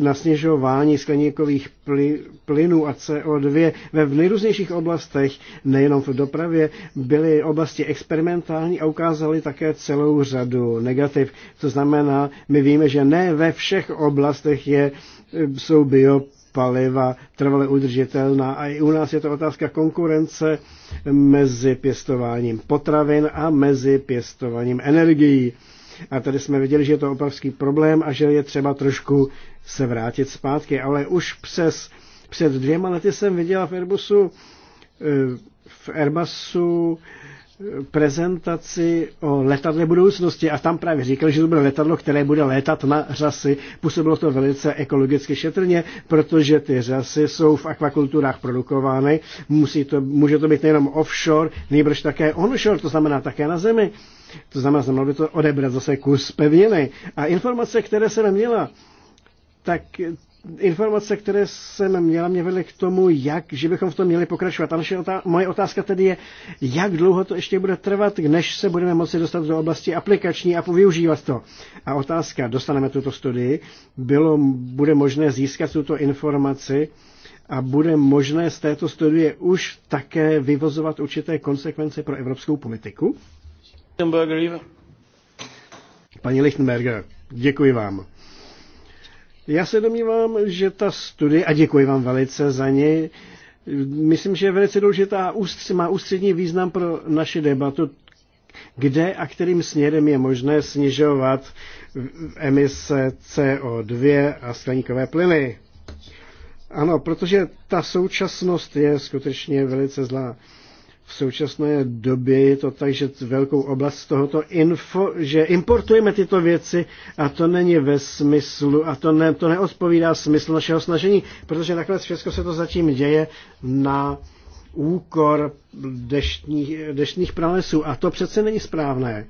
na snižování skleníkových plynů a CO2 ve v nejrůznějších oblastech, nejenom v dopravě, byly oblasti experimentální a ukázaly také celou řadu negativ. To znamená, my víme, že ne ve všech oblastech je, jsou bio paliva trvale udržitelná. A i u nás je to otázka konkurence mezi pěstováním potravin a mezi pěstováním energií. A tady jsme viděli, že je to obrovský problém a že je třeba trošku se vrátit zpátky. Ale už přes, před dvěma lety jsem viděla v Airbusu, eh, v Airbusu prezentaci o letadle budoucnosti a tam právě říkal, že to bude letadlo, které bude létat na řasy. Působilo to velice ekologicky šetrně, protože ty řasy jsou v akvakulturách produkovány. Musí to, může to být nejenom offshore, nejbrž také onshore, to znamená také na zemi. To znamená, znamenalo by to odebrat zase kus pevniny. A informace, které jsem měla, tak informace, které jsem měla, mě vedly k tomu, jak, že bychom v tom měli pokračovat. A naše otá- moje otázka tedy je, jak dlouho to ještě bude trvat, než se budeme moci dostat do oblasti aplikační a využívat to. A otázka, dostaneme tuto studii, bylo, bude možné získat tuto informaci a bude možné z této studie už také vyvozovat určité konsekvence pro evropskou politiku? Paní Lichtenberger, děkuji vám. Já se domnívám, že ta studie, a děkuji vám velice za ní, myslím, že je velice důležitá, má ústřední význam pro naši debatu, kde a kterým směrem je možné snižovat emise CO2 a skleníkové plyny. Ano, protože ta současnost je skutečně velice zlá. V současné době je to tak, že velkou oblast z tohoto info, že importujeme tyto věci a to není ve smyslu, a to, ne, to neodpovídá smyslu našeho snažení, protože nakonec všechno se to zatím děje na úkor deštních, deštních pralesů a to přece není správné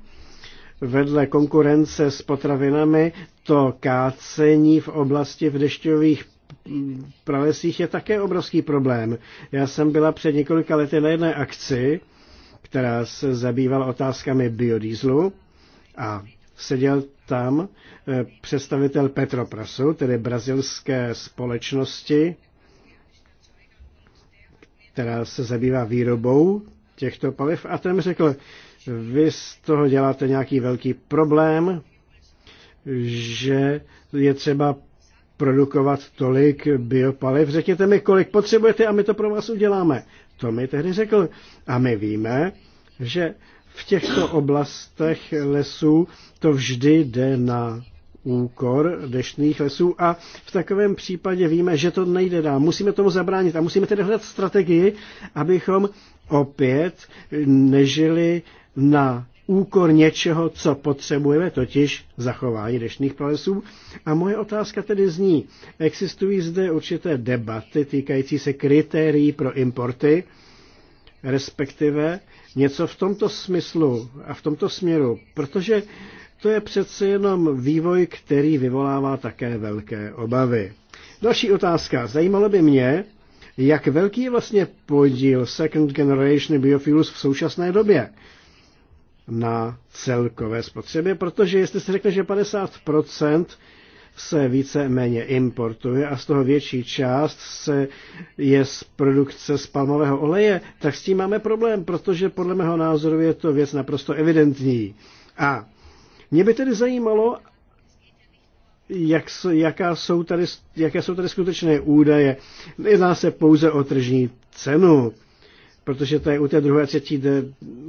vedle konkurence s potravinami to kácení v oblasti v dešťových pralesích je také obrovský problém. Já jsem byla před několika lety na jedné akci, která se zabývala otázkami biodýzlu a seděl tam eh, představitel Petroprasu, tedy brazilské společnosti, která se zabývá výrobou těchto paliv a ten řekl, vy z toho děláte nějaký velký problém, že je třeba produkovat tolik biopaliv. Řekněte mi, kolik potřebujete a my to pro vás uděláme. To mi tehdy řekl. A my víme, že v těchto oblastech lesů to vždy jde na úkor deštných lesů a v takovém případě víme, že to nejde dál. Musíme tomu zabránit a musíme tedy hledat strategii, abychom opět nežili na úkor něčeho, co potřebujeme, totiž zachování dešných pralesů. A moje otázka tedy zní, existují zde určité debaty týkající se kritérií pro importy, respektive něco v tomto smyslu a v tomto směru, protože to je přece jenom vývoj, který vyvolává také velké obavy. Další otázka. Zajímalo by mě, jak velký je vlastně podíl second generation biofuels v současné době na celkové spotřebě, protože jestli se řekne, že 50% se více méně importuje a z toho větší část se je z produkce z palmového oleje, tak s tím máme problém, protože podle mého názoru je to věc naprosto evidentní. A mě by tedy zajímalo, jak, jaká jsou tady, jaké jsou tady skutečné údaje. Nejedná se pouze o tržní cenu, protože to je u té druhé a třetí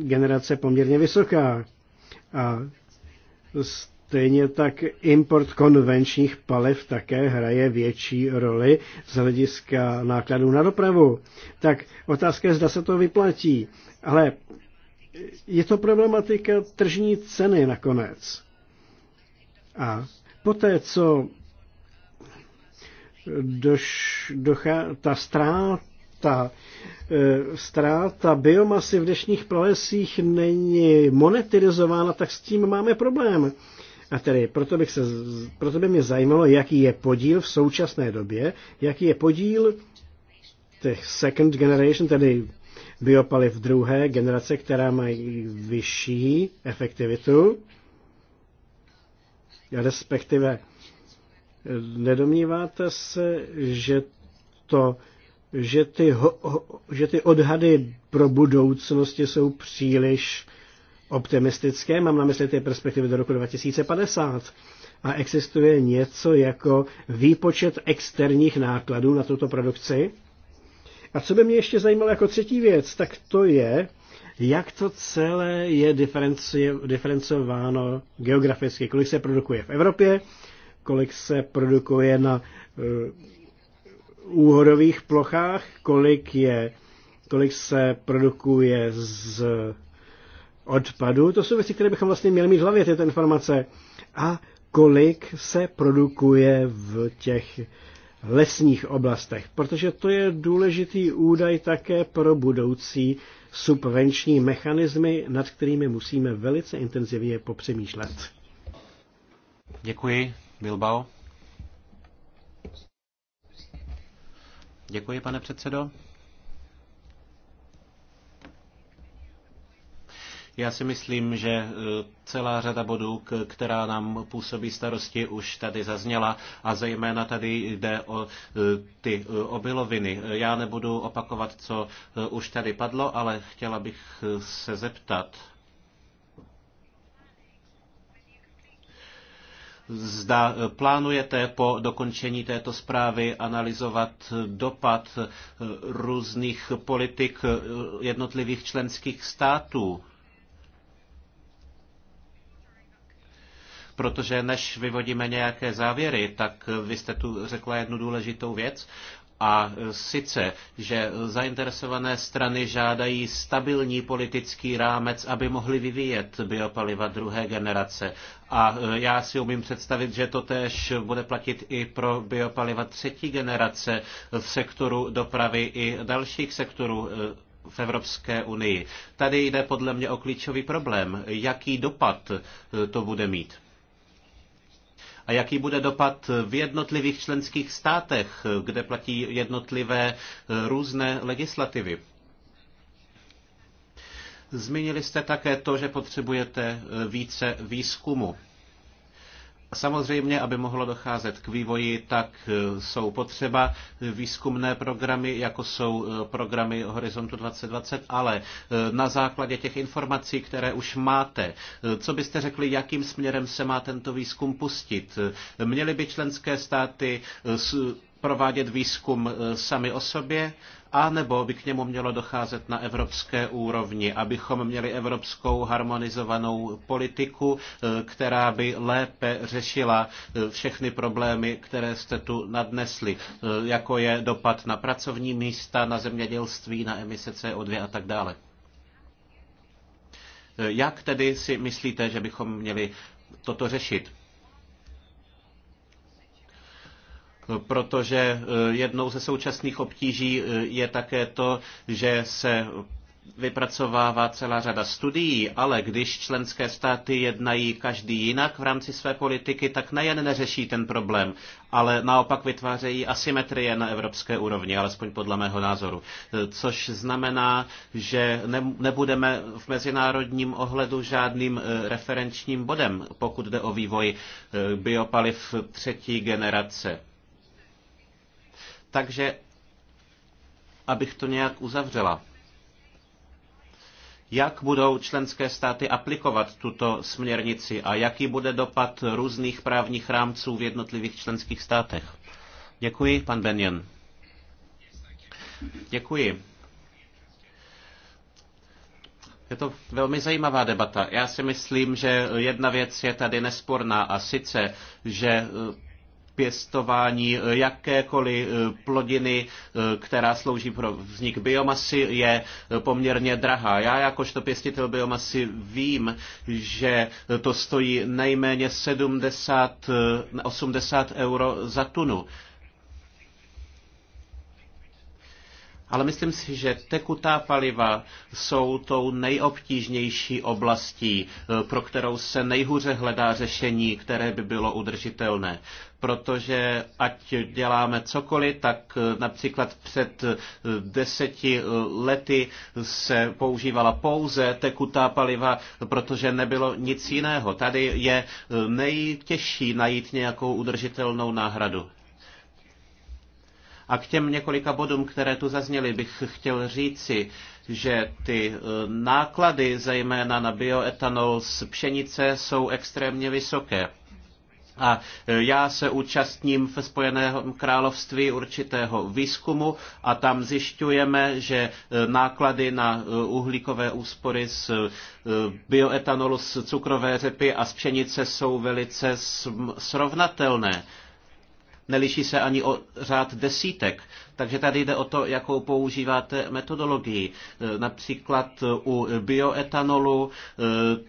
generace poměrně vysoká. A stejně tak import konvenčních paliv také hraje větší roli z hlediska nákladů na dopravu. Tak otázka je, zda se to vyplatí. Ale je to problematika tržní ceny nakonec. A poté, co doš, docha, ta ztráta ta e, ztráta biomasy v dnešních pralesích není monetizována, tak s tím máme problém. A tedy proto, bych se, proto by mě zajímalo, jaký je podíl v současné době, jaký je podíl těch second generation, tedy biopaliv druhé generace, která mají vyšší efektivitu, respektive e, nedomníváte se, že to že ty, ho, ho, že ty odhady pro budoucnosti jsou příliš optimistické, mám na mysli ty perspektivy do roku 2050. A existuje něco jako výpočet externích nákladů na tuto produkci. A co by mě ještě zajímalo jako třetí věc, tak to je, jak to celé je diferencováno geograficky. Kolik se produkuje v Evropě, kolik se produkuje na eh, úhodových plochách, kolik je, kolik se produkuje z odpadu. To jsou věci, které bychom vlastně měli mít v hlavě, tyto informace. A kolik se produkuje v těch lesních oblastech, protože to je důležitý údaj také pro budoucí subvenční mechanismy, nad kterými musíme velice intenzivně popřemýšlet. Děkuji. Bilbao. Děkuji, pane předsedo. Já si myslím, že e, celá řada bodů, která nám působí starosti, už tady zazněla a zejména tady jde o e, ty e, obiloviny. Já nebudu opakovat, co už tady padlo, ale chtěla bych se zeptat Zda plánujete po dokončení této zprávy analyzovat dopad eh, různých politik eh, jednotlivých členských států? protože než vyvodíme nějaké závěry, tak vy jste tu řekla jednu důležitou věc a e, sice, že e, zainteresované strany žádají stabilní politický rámec, aby mohli vyvíjet biopaliva druhé generace. A e, já si umím představit, že to též bude platit i pro biopaliva třetí generace v sektoru dopravy i dalších sektorů v Evropské unii. Tady jde podle mě o klíčový problém, jaký dopad to bude mít a jaký bude dopad v jednotlivých členských státech, kde platí jednotlivé eh, různé legislativy. Zmínili jste také to, že potřebujete eh, více výzkumu. Samozřejmě, aby mohlo docházet k vývoji, tak eh, jsou potřeba výzkumné programy, jako jsou eh, programy Horizontu 2020, ale eh, na základě těch informací, které už máte, co byste řekli, jakým směrem se má tento výzkum pustit? Měly by členské státy provádět výzkum sami o sobě? a nebo by k němu mělo docházet na evropské úrovni, abychom měli evropskou harmonizovanou politiku, e, která by lépe řešila e, všechny problémy, které jste tu nadnesli, e, jako je dopad na pracovní místa, na zemědělství, na emise CO2 a tak dále. Jak tedy si myslíte, že bychom měli toto řešit? protože eh, jednou ze současných obtíží eh, je také to, že se vypracovává celá řada studií, ale když členské státy jednají každý jinak v rámci své politiky, tak nejen neřeší ten problém, ale naopak vytvářejí asymetrie na evropské úrovni, alespoň podle mého názoru. Eh, což znamená, že nebudeme v mezinárodním ohledu žádným referenčním bodem, pokud jde o vývoj biopaliv třetí generace. Takže, abych to nějak uzavřela, jak budou členské státy aplikovat tuto směrnici a jaký bude dopad různých právních rámců v jednotlivých členských státech. Děkuji, pan Benjen. Děkuji. Je to velmi zajímavá debata. Já si myslím, že jedna věc je tady nesporná a sice, že pěstování jakékoliv eh, plodiny, eh, která slouží pro vznik biomasy, je eh, poměrně drahá. Já jakožto pěstitel biomasy vím, že to stojí nejméně 70-80 euro za tunu. Ale myslím si, že tekutá paliva jsou tou nejobtížnější oblastí, eh, pro kterou se nejhůře hledá řešení, které by bylo udržitelné. Protože ať děláme cokoliv, tak eh, například před eh, deseti lety se používala pouze tekutá paliva, protože nebylo nic jiného. Tady je nejtěžší najít nějakou udržitelnou náhradu. A k těm několika bodům, které tu zazněly, bych chtěl říci, že ty e, náklady, zejména na bioetanol z pšenice, jsou extrémně vysoké. A e, já se účastním v Spojeném království určitého výzkumu a tam zjišťujeme, že e, náklady na uhlíkové úspory z bioetanolu z cukrové řepy a z pšenice jsou velice srovnatelné neliší se ani o řád desítek. Takže tady jde o to, jakou používáte metodologii. Například u bioetanolu, eh,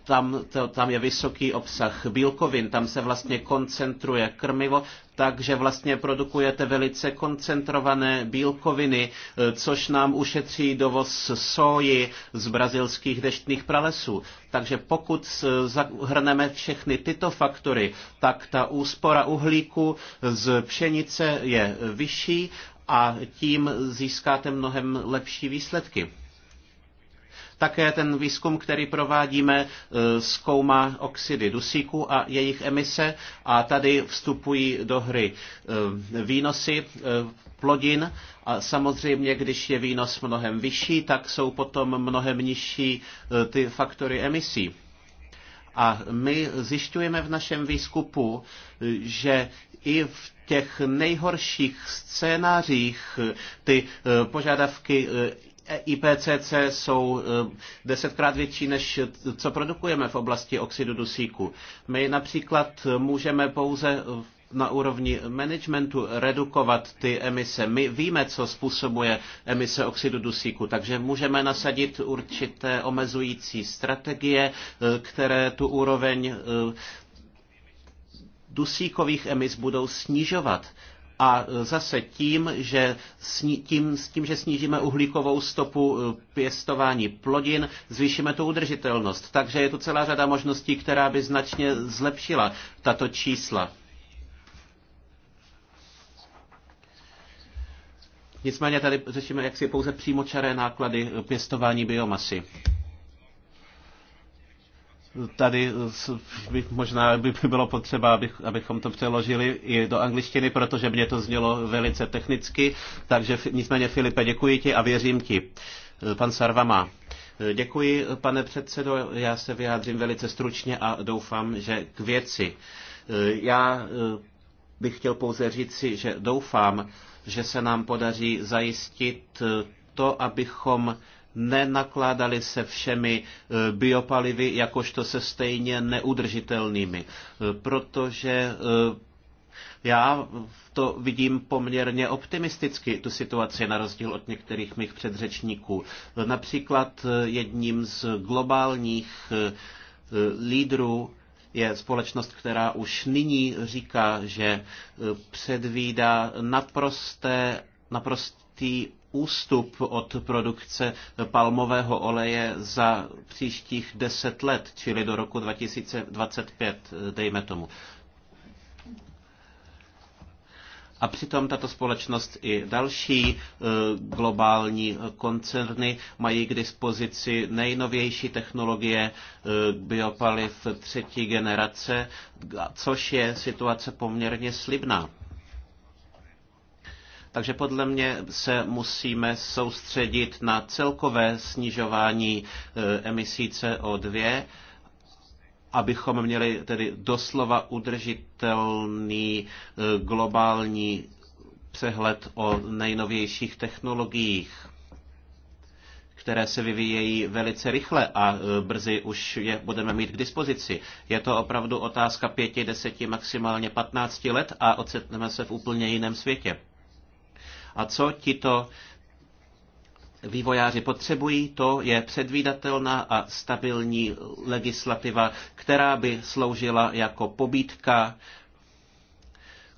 tam, tam je vysoký obsah bílkovin, tam se vlastně koncentruje krmivo, takže vlastně produkujete velice koncentrované bílkoviny, což nám ušetří dovoz soji z brazilských deštných pralesů. Takže pokud zahrneme všechny tyto faktory, tak ta úspora uhlíku z pšenice je vyšší a tím získáte mnohem lepší výsledky. Také ten výzkum, který provádíme, e, zkoumá oxidy dusíku a jejich emise a tady vstupují do hry e, výnosy e, plodin a samozřejmě, když je výnos mnohem vyšší, tak jsou potom mnohem nižší ty faktory emisí. A my zjišťujeme v našem výzkupu, že i v těch nejhorších scénářích ty požadavky E IPCC jsou eh, desetkrát větší, než co produkujeme v oblasti oxidu dusíku. My například můžeme pouze na úrovni managementu redukovat ty emise. My víme, co způsobuje emise oxidu dusíku, takže můžeme nasadit určité omezující strategie, eh, které tu úroveň eh, dusíkových emis budou snižovat. A zase tím, že, tím, s tím, že snížíme uhlíkovou stopu eh, pěstování plodin, zvýšíme tu udržitelnost. Takže je tu celá řada možností, která by značně zlepšila tato čísla. Nicméně tady řešíme jaksi pouze přímočaré náklady eh, pěstování biomasy. Tady eh, by, možná by bylo potřeba, abych, abychom to přeložili i do angličtiny, protože mě to znělo velice technicky. Takže nicméně Filipe, děkuji ti a věřím ti. Eh, pan Sarvama. Eh, děkuji, pane předsedo. Já se vyjádřím velice stručně a doufám, že k věci. Já bych chtěl pouze říci, že doufám, že se nám podaří zajistit to, abychom nenakládali se všemi eh, biopalivy jakožto se stejně neudržitelnými, eh, protože eh, já to vidím poměrně optimisticky, tu situaci, na rozdíl od některých mých předřečníků. Například jedním z globálních lídrů je společnost, která už nyní říká, že předvídá naprosté, naprostý ústup od produkce palmového oleje za příštích deset let, čili do roku 2025, dejme tomu. A přitom tato společnost i další e, globální koncerny mají k dispozici nejnovější technologie e, biopaliv třetí generace, což je situace poměrně slibná. Takže podle mě se musíme soustředit na celkové snižování eh, emisí CO2 abychom měli tedy doslova udržitelný eh, globální přehled o nejnovějších technologiích, které se vyvíjejí velice rychle a eh, brzy už je budeme mít k dispozici. Je to opravdu otázka pěti, deseti, maximálně patnácti let a ocitneme se v úplně jiném světě. A co tito vývojáři potřebují, to je předvídatelná a stabilní legislativa, která by sloužila jako pobídka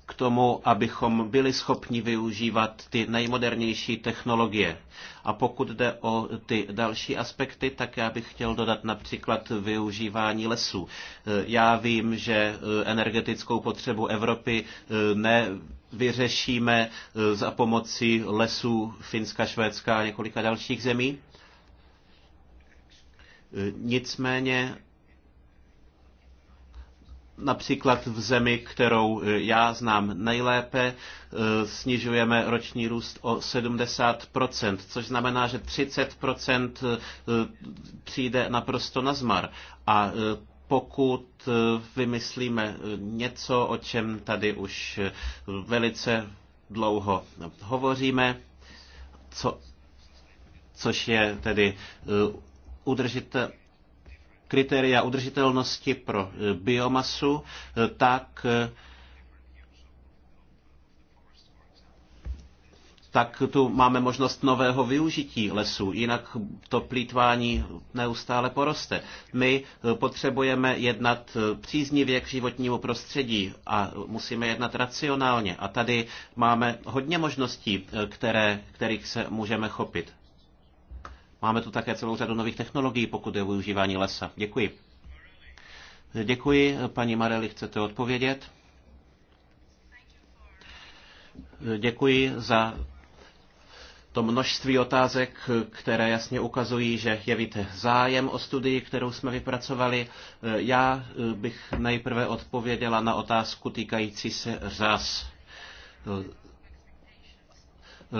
k tomu, abychom byli schopni využívat ty nejmodernější technologie. A pokud jde o ty další aspekty, tak já bych chtěl dodat například využívání lesů. Já vím, že energetickou potřebu Evropy eh, ne vyřešíme eh, za pomoci lesů Finska, Švédska a několika dalších zemí. Eh, nicméně například v zemi, kterou eh, já znám nejlépe, snižujeme roční růst o 70%, což znamená, že 30% přijde naprosto na zmar. A pokud eh, vymyslíme eh, něco, o čem tady už eh, velice dlouho hovoříme, co, což je tedy udržitel, kritéria udržitelnosti pro biomasu, tak tak tu máme možnost nového využití lesů, jinak to plítvání neustále poroste. My eh, potřebujeme jednat eh, příznivě k životnímu prostředí a musíme jednat racionálně. A tady máme hodně možností, eh, které, kterých se můžeme chopit. Máme tu také celou řadu nových technologií, pokud je využívání lesa. Děkuji. Děkuji. Paní Mareli, chcete odpovědět? Děkuji za to množství otázek, které jasně ukazují, že je víte zájem o studii, kterou jsme vypracovali. Já bych nejprve odpověděla na otázku týkající se řas.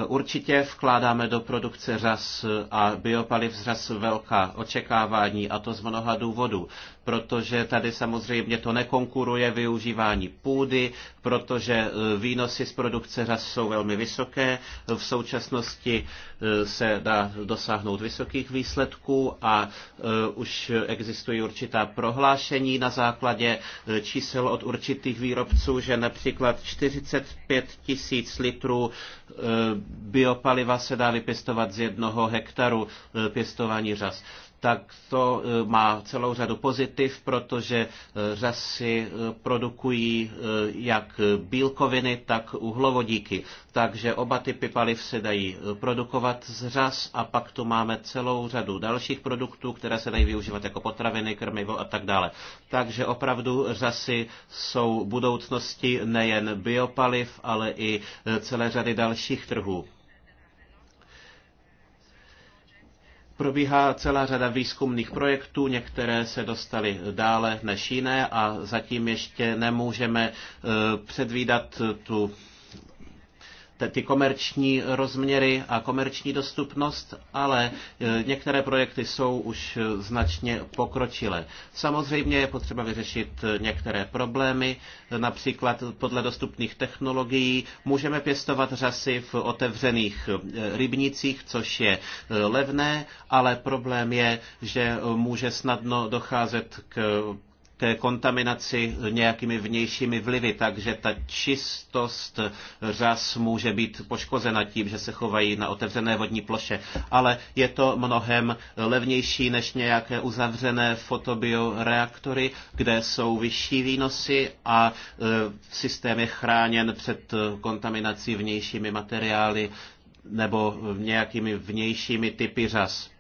Určitě vkládáme do produkce řas a biopaliv z řas velká očekávání, a to z mnoha důvodů protože tady samozřejmě to nekonkuruje využívání půdy, protože e, výnosy z produkce řas jsou velmi vysoké. V současnosti e, se dá dosáhnout vysokých výsledků a e, už existují určitá prohlášení na základě čísel od určitých výrobců, že například 45 tisíc litrů biopaliva se dá vypěstovat z jednoho hektaru pěstování řas tak to e, má celou řadu pozitiv, protože e, řasy e, produkují jak bílkoviny, tak uhlovodíky. Takže oba typy paliv se dají produkovat z řas a pak tu máme celou řadu dalších produktů, které se dají využívat jako potraviny, krmivo a tak dále. Takže opravdu řasy jsou budoucnosti nejen biopaliv, ale i celé řady dalších trhů. Probíhá celá řada výzkumných projektů, některé se dostaly dále než jiné a zatím ještě nemůžeme eh, předvídat tu ty komerční rozměry a komerční dostupnost, ale e, některé projekty jsou už e, značně pokročilé. Samozřejmě je potřeba vyřešit e, některé problémy, například podle dostupných technologií můžeme pěstovat řasy v otevřených rybnicích, což je levné, ale problém je, že může snadno docházet k té kontaminaci nějakými vnějšími vlivy, takže ta čistost řas může být poškozena tím, že se chovají na otevřené vodní ploše. Ale je to mnohem levnější než nějaké uzavřené fotobioreaktory, kde jsou vyšší výnosy a e, systém je chráněn před kontaminací vnějšími materiály nebo nějakými vnějšími typy řas.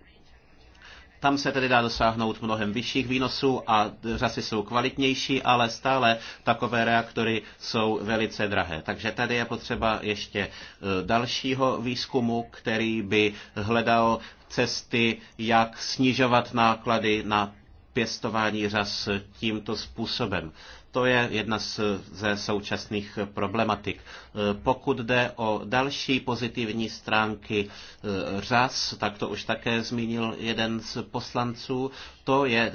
Tam se tedy dá dosáhnout mnohem vyšších výnosů a řasy jsou kvalitnější, ale stále takové reaktory jsou velice drahé. Takže tady je potřeba ještě e, dalšího výzkumu, který by hledal cesty, jak snižovat náklady na pěstování řas tímto způsobem. To je jedna z, ze současných problematik. E, pokud jde o další pozitivní stránky e, řas, tak to už také zmínil jeden z poslanců, to je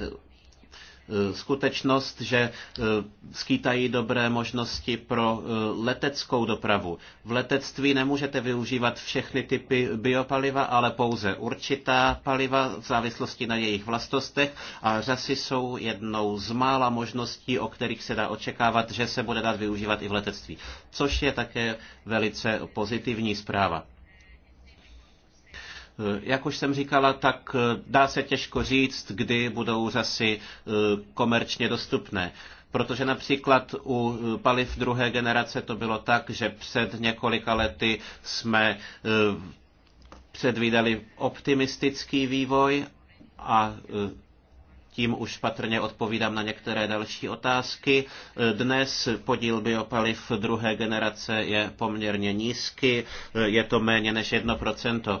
Eh, skutečnost, že eh, skýtají dobré možnosti pro eh, leteckou dopravu. V letectví nemůžete využívat všechny typy biopaliva, ale pouze určitá paliva v závislosti na jejich vlastnostech a řasy jsou jednou z mála možností, o kterých se dá očekávat, že se bude dát využívat i v letectví, což je také velice pozitivní zpráva. Eh, jak už jsem říkala, tak eh, dá se těžko říct, kdy budou řasy eh, komerčně dostupné. Protože například u paliv druhé generace to bylo tak, že před několika lety jsme předvídali optimistický vývoj a tím už patrně odpovídám na některé další otázky. Dnes podíl biopaliv druhé generace je poměrně nízký, je to méně než 1%.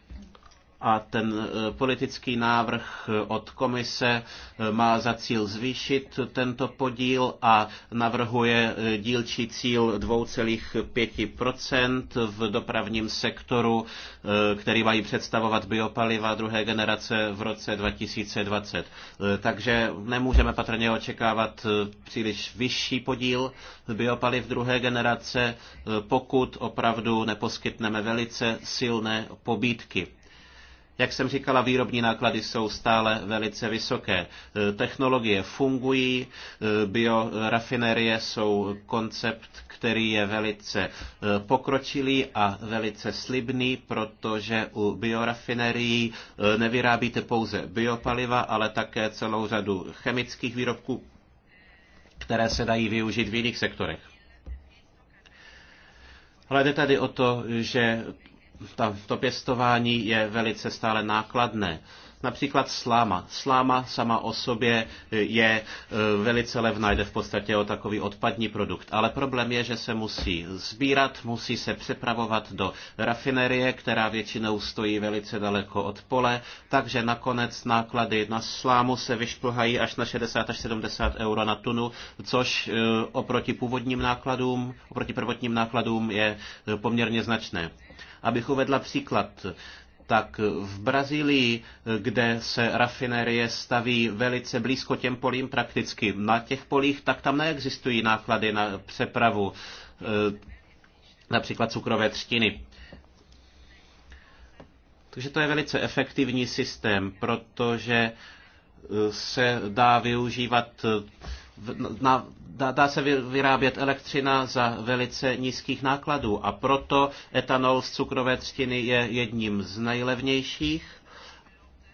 a ten e, politický návrh od komise e, má za cíl zvýšit tento podíl a navrhuje e, dílčí cíl 2,5 v dopravním sektoru, který mají představovat biopaliva druhé generace v roce 2020. Takže nemůžeme patrně očekávat příliš vyšší podíl biopaliv druhé generace, pokud opravdu neposkytneme velice silné pobídky. Jak jsem říkala, výrobní náklady jsou stále velice vysoké. Eh, technologie fungují, eh, biorafinerie jsou koncept, který je velice eh, pokročilý a velice slibný, protože u biorafinerií nevyrábíte pouze biopaliva, ale také celou řadu chemických výrobků, které se dají využít v jiných sektorech. Ale jde tady o to, že ta, to pěstování je velice stále nákladné. Například sláma. Sláma sama o sobě je e, velice levná, jde v podstatě o takový odpadní produkt. Ale problém je, že se musí sbírat, musí se přepravovat do rafinerie, která většinou stojí velice daleko od pole, takže nakonec náklady na slámu se vyšplhají až na 60 až 70 euro na tunu, což e, oproti původním nákladům, oproti prvotním nákladům je e, poměrně značné. Abych uvedla příklad, tak v Brazílii, kde se rafinerie staví velice blízko těm polím prakticky na těch polích, tak tam neexistují náklady na přepravu eh, například cukrové třtiny. Takže to je velice efektivní systém, protože eh, se dá využívat eh, na, dá, dá se vyrábět elektřina za velice nízkých nákladů a proto etanol z cukrové třtiny je jedním z nejlevnějších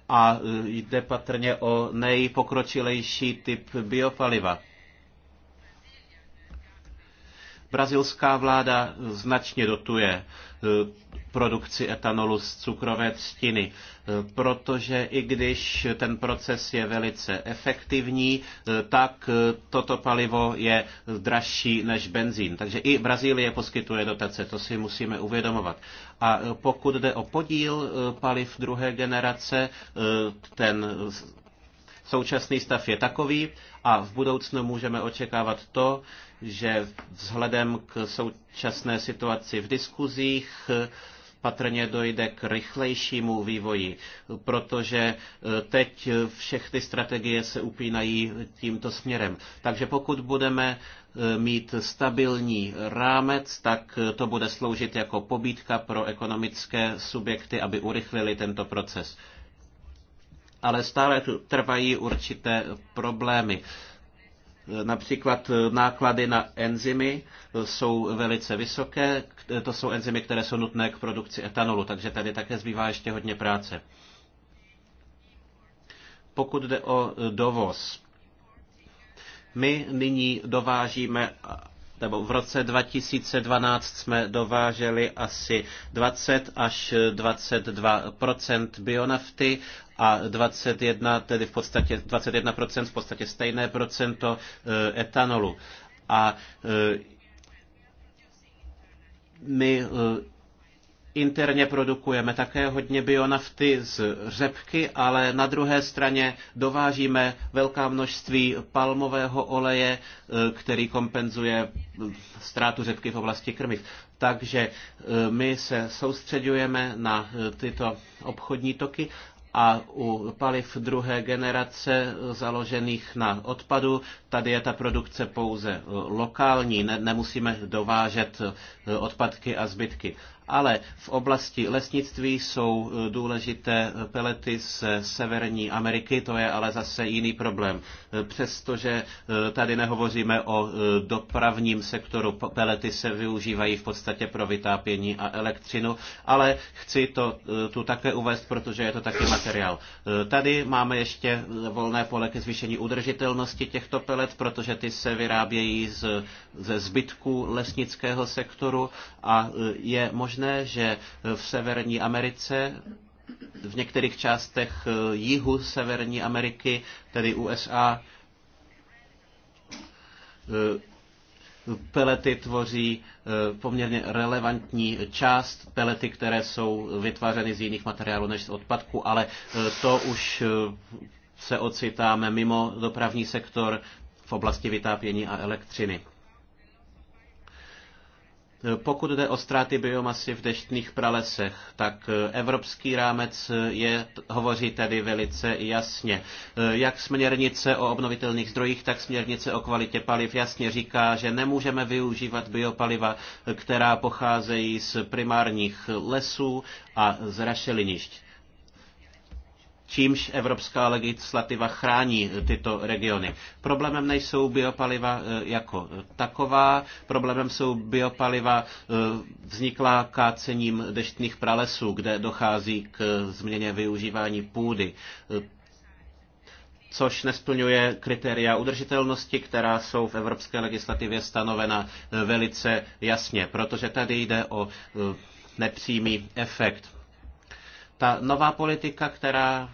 a e, jde patrně o nejpokročilejší typ biopaliva. Brazilská vláda značně dotuje e, produkci etanolu z cukrové třtiny, e, protože i když ten proces je velice efektivní, e, tak toto palivo je dražší než benzín. Takže i Brazílie poskytuje dotace, to si musíme uvědomovat. A pokud jde o podíl paliv druhé generace, ten Současný stav je takový a v budoucnu můžeme očekávat to, že vzhledem k současné situaci v diskuzích patrně dojde k rychlejšímu vývoji, protože e, teď všechny strategie se upínají tímto směrem. Takže pokud budeme e, mít stabilní rámec, tak e, to bude sloužit jako pobídka pro ekonomické subjekty, aby urychlili tento proces ale stále tu trvají určité problémy. Například náklady na enzymy jsou velice vysoké, to jsou enzymy, které jsou nutné k produkci etanolu, takže tady také zbývá ještě hodně práce. Pokud jde o dovoz, my nyní dovážíme, nebo v roce 2012 jsme dováželi asi 20 až 22 bionafty a 21, tedy v podstatě 21% v podstatě stejné procento eh, etanolu. A eh, my eh, interně produkujeme také hodně bionafty z řepky, ale na druhé straně dovážíme velká množství palmového oleje, který kompenzuje ztrátu řepky v oblasti krmiv. Takže my se soustředujeme na tyto obchodní toky a u paliv druhé generace založených na odpadu, tady je ta produkce pouze lokální, ne, nemusíme dovážet odpadky a zbytky ale v oblasti lesnictví jsou eh, důležité pelety z Severní Ameriky, to je ale zase jiný problém. Eh, přestože eh, tady nehovoříme o dopravním sektoru, pelety se využívají v podstatě pro vytápění a elektřinu, ale chci to tu také uvést, protože je to taky materiál. Tady máme ještě volné pole ke zvýšení udržitelnosti těchto pelet, protože ty se vyrábějí z, ze zbytků lesnického sektoru a je možné běžné, že v Severní Americe v některých částech eh, jihu Severní Ameriky, tedy USA, eh, pelety tvoří eh, poměrně relevantní část, pelety, které jsou vytvářeny z jiných materiálů než z odpadku, ale to už se ocitáme mimo dopravní sektor v oblasti vytápění a elektřiny. Pokud jde o ztráty biomasy v deštných pralesech, tak eh, evropský rámec eh, je, hovoří tedy velice jasně. Eh, jak směrnice o obnovitelných zdrojích, tak směrnice o kvalitě paliv jasně říká, že nemůžeme využívat biopaliva, která pocházejí z primárních lesů a z rašelinišť čímž evropská legislativa chrání tyto regiony. Problémem nejsou biopaliva e, jako taková, problémem jsou biopaliva e, vzniklá kácením deštných pralesů, kde dochází k e, změně využívání půdy což nesplňuje kritéria udržitelnosti, která jsou v evropské legislativě stanovena velice jasně, protože tady jde o nepřímý efekt. Ta nová politika, která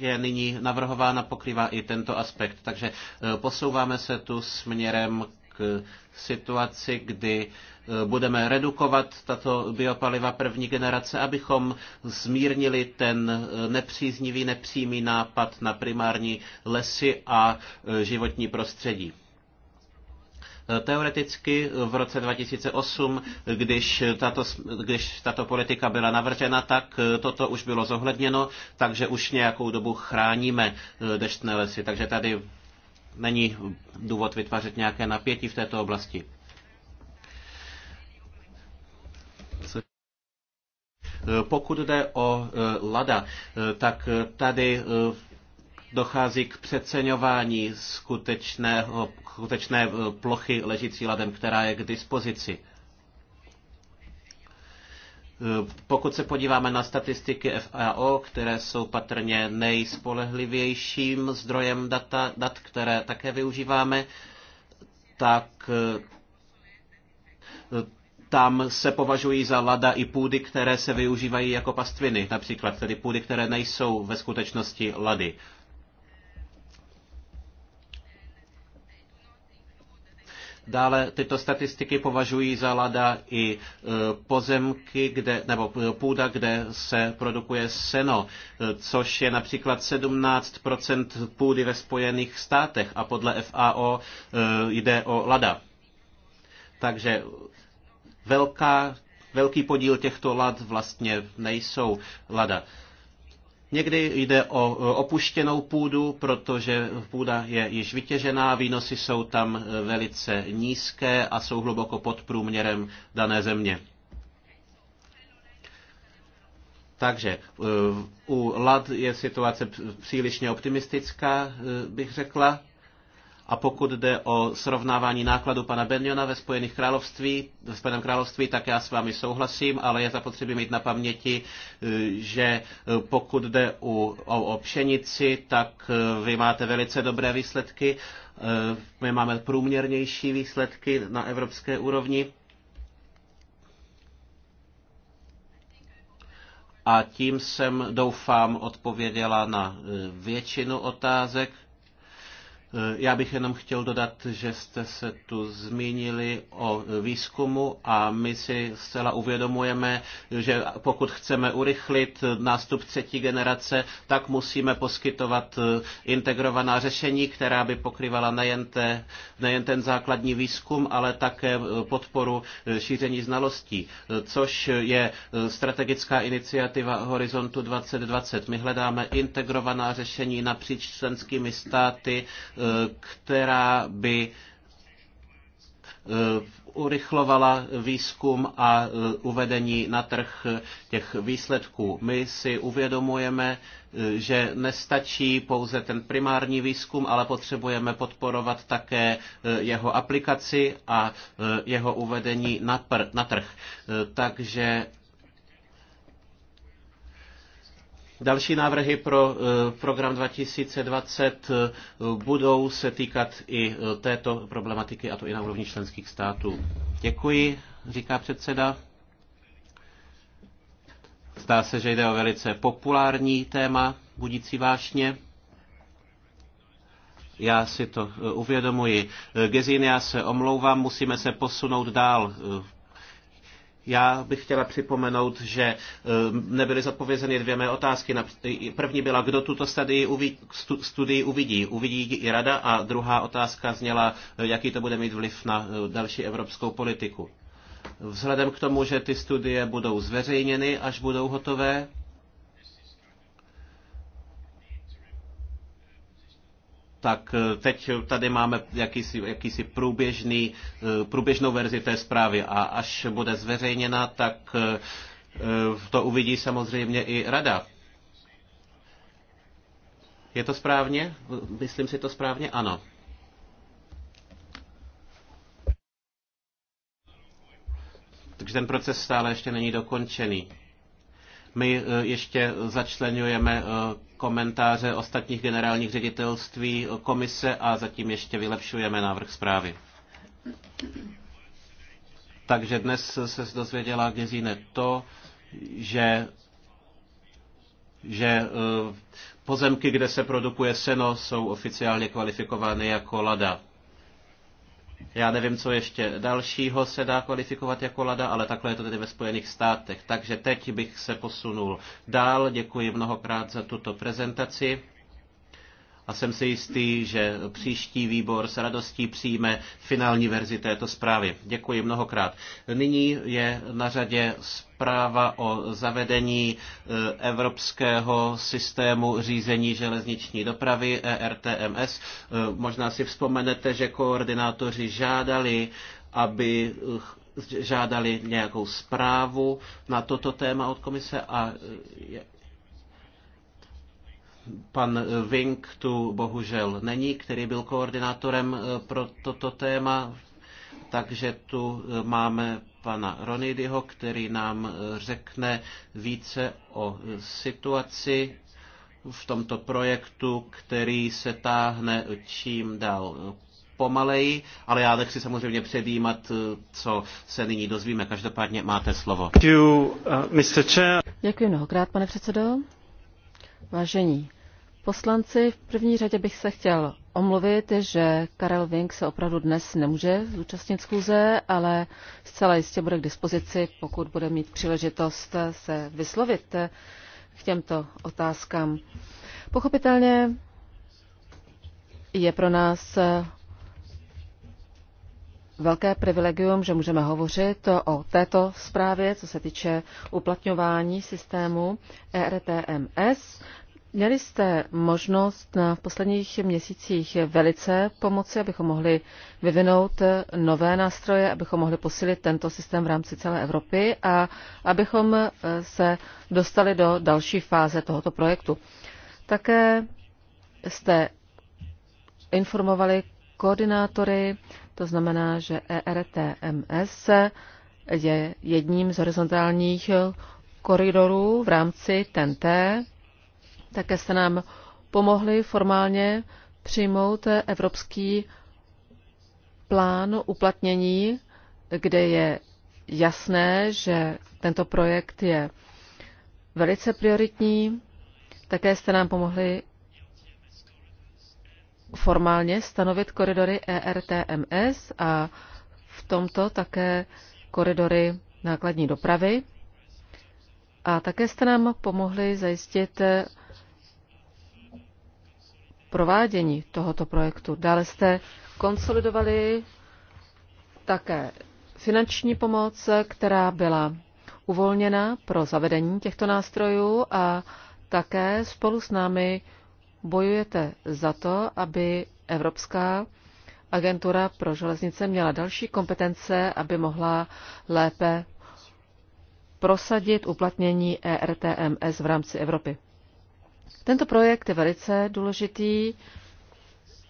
je nyní navrhována, pokrývá i tento aspekt. Takže e, posouváme se tu směrem k situaci, kdy e, budeme redukovat tato biopaliva první generace, abychom zmírnili ten e, nepříznivý, nepřímý nápad na primární lesy a životní prostředí. Teoreticky v roce 2008, když tato, když tato politika byla navržena, tak toto už bylo zohledněno, takže už nějakou dobu chráníme eh, deštné lesy. Takže tady není důvod vytvářet nějaké napětí v této oblasti. Eh, pokud jde o eh, Lada, tak tady dochází k přeceňování skutečného, skutečné eh, plochy ležící ladem, která je k dispozici. Eh, pokud se podíváme na statistiky FAO, které jsou patrně nejspolehlivějším zdrojem data, dat, které také využíváme, tak eh, tam se považují za lada i půdy, které se využívají jako pastviny, například tedy půdy, které nejsou ve skutečnosti lady. Dále tyto statistiky považují za lada i e, pozemky, kde, nebo půda, kde se produkuje seno, e, což je například 17 půdy ve Spojených státech a podle FAO e, jde o lada. Takže velká, velký podíl těchto lad vlastně nejsou lada. Někdy jde o opuštěnou půdu, protože půda je již vytěžená, výnosy jsou tam e, velice nízké a jsou hluboko pod průměrem dané země. Takže e, u LAD je situace přílišně optimistická, e, bych řekla. A pokud jde o srovnávání nákladu pana Benjona ve Spojených království, ve Spojeném království, tak já s vámi souhlasím, ale je zapotřebí mít na paměti, e, že e, pokud jde u, o, o pšenici, tak e, vy máte velice dobré výsledky. My máme průměrnější výsledky na evropské úrovni. A tím jsem, doufám, odpověděla na většinu otázek. Eh, já bych jenom chtěl dodat, že jste se tu zmínili o eh, výzkumu a my si zcela uvědomujeme, že pokud chceme urychlit eh, nástup třetí generace, tak musíme poskytovat integrovaná řešení, která by pokryvala nejen, te, nejen ten základní výzkum, ale také podporu šíření znalostí, což je strategická iniciativa Horizontu 2020. My hledáme integrovaná řešení napříč členskými státy, která by eh, urychlovala výzkum a eh, uvedení na trh eh, těch výsledků. My si uvědomujeme, že nestačí pouze ten primární výzkum, ale potřebujeme podporovat také jeho aplikaci a jeho uvedení na, pr- na trh. Takže Další návrhy pro eh, program 2020 eh, budou se týkat i eh, této problematiky, a to i na úrovni členských států. Děkuji, říká předseda. Zdá se, že jde o velice populární téma, budící vášně. Já si to uvědomuji. Gezín, já se omlouvám, musíme se posunout dál já bych chtěla připomenout, že eh, nebyly zodpovězeny dvě mé otázky. První byla, kdo tuto studii uvidí, studii uvidí. Uvidí i rada a druhá otázka zněla, jaký to bude mít vliv na eh, další evropskou politiku. Vzhledem k tomu, že ty studie budou zveřejněny, až budou hotové, tak eh, teď tady máme jakýsi, jakýsi průběžný, eh, průběžnou verzi té zprávy a až bude zveřejněna, tak eh, to uvidí samozřejmě i rada. Je to správně? Myslím si to správně? Ano. Takže ten proces stále ještě není dokončený. My eh, ještě začlenujeme eh, komentáře ostatních generálních ředitelství eh, komise a zatím ještě vylepšujeme návrh zprávy. Takže dnes se dozvěděla Gezine to, že, že pozemky, kde se produkuje seno, jsou oficiálně kvalifikovány jako lada. Já nevím, co ještě dalšího se dá kvalifikovat jako Lada, ale takhle je to tedy ve Spojených státech. Takže teď bych se posunul dál. Děkuji mnohokrát za tuto prezentaci a jsem si jistý, že příští výbor s radostí přijme finální verzi této zprávy. Děkuji mnohokrát. Nyní je na řadě zpráva o zavedení eh, evropského systému řízení železniční dopravy ERTMS. Eh, možná si vzpomenete, že koordinátoři žádali, aby eh, žádali nějakou zprávu na toto téma od komise a pan Vink tu bohužel není, který byl koordinátorem eh, pro toto téma, takže tu eh, máme pana Ronidyho, který nám eh, řekne více o situaci v tomto projektu, který se táhne čím dál pomaleji, ale já nechci samozřejmě předjímat, co se nyní dozvíme. Každopádně máte slovo. Uh, Děkuji mnohokrát, pane předsedo. Vážení poslanci, v první řadě bych se chtěl omluvit, že Karel Vink se opravdu dnes nemůže zúčastnit schůze, ale zcela jistě bude k dispozici, pokud bude mít příležitost se vyslovit k těmto otázkám. Pochopitelně je pro nás velké privilegium, že můžeme hovořit o této zprávě, co se týče uplatňování systému ERTMS. Měli jste možnost v posledních měsících velice pomoci, abychom mohli vyvinout nové nástroje, abychom mohli posílit tento systém v rámci celé Evropy a abychom eh, se dostali do další fáze tohoto projektu. Také jste informovali koordinátory, to znamená, že ERTMS je jedním z horizontálních koridorů v rámci TNT, také jste nám pomohli formálně přijmout evropský plán uplatnění, kde je jasné, že tento projekt je velice prioritní. Také jste nám pomohli formálně stanovit koridory ERTMS a v tomto také koridory nákladní dopravy. A také jste nám pomohli zajistit provádění tohoto projektu. Dále jste konsolidovali také finanční pomoc, která byla uvolněna pro zavedení těchto nástrojů a také spolu s námi bojujete za to, aby Evropská agentura pro železnice měla další kompetence, aby mohla lépe prosadit uplatnění ERTMS v rámci Evropy. Tento projekt je velice důležitý.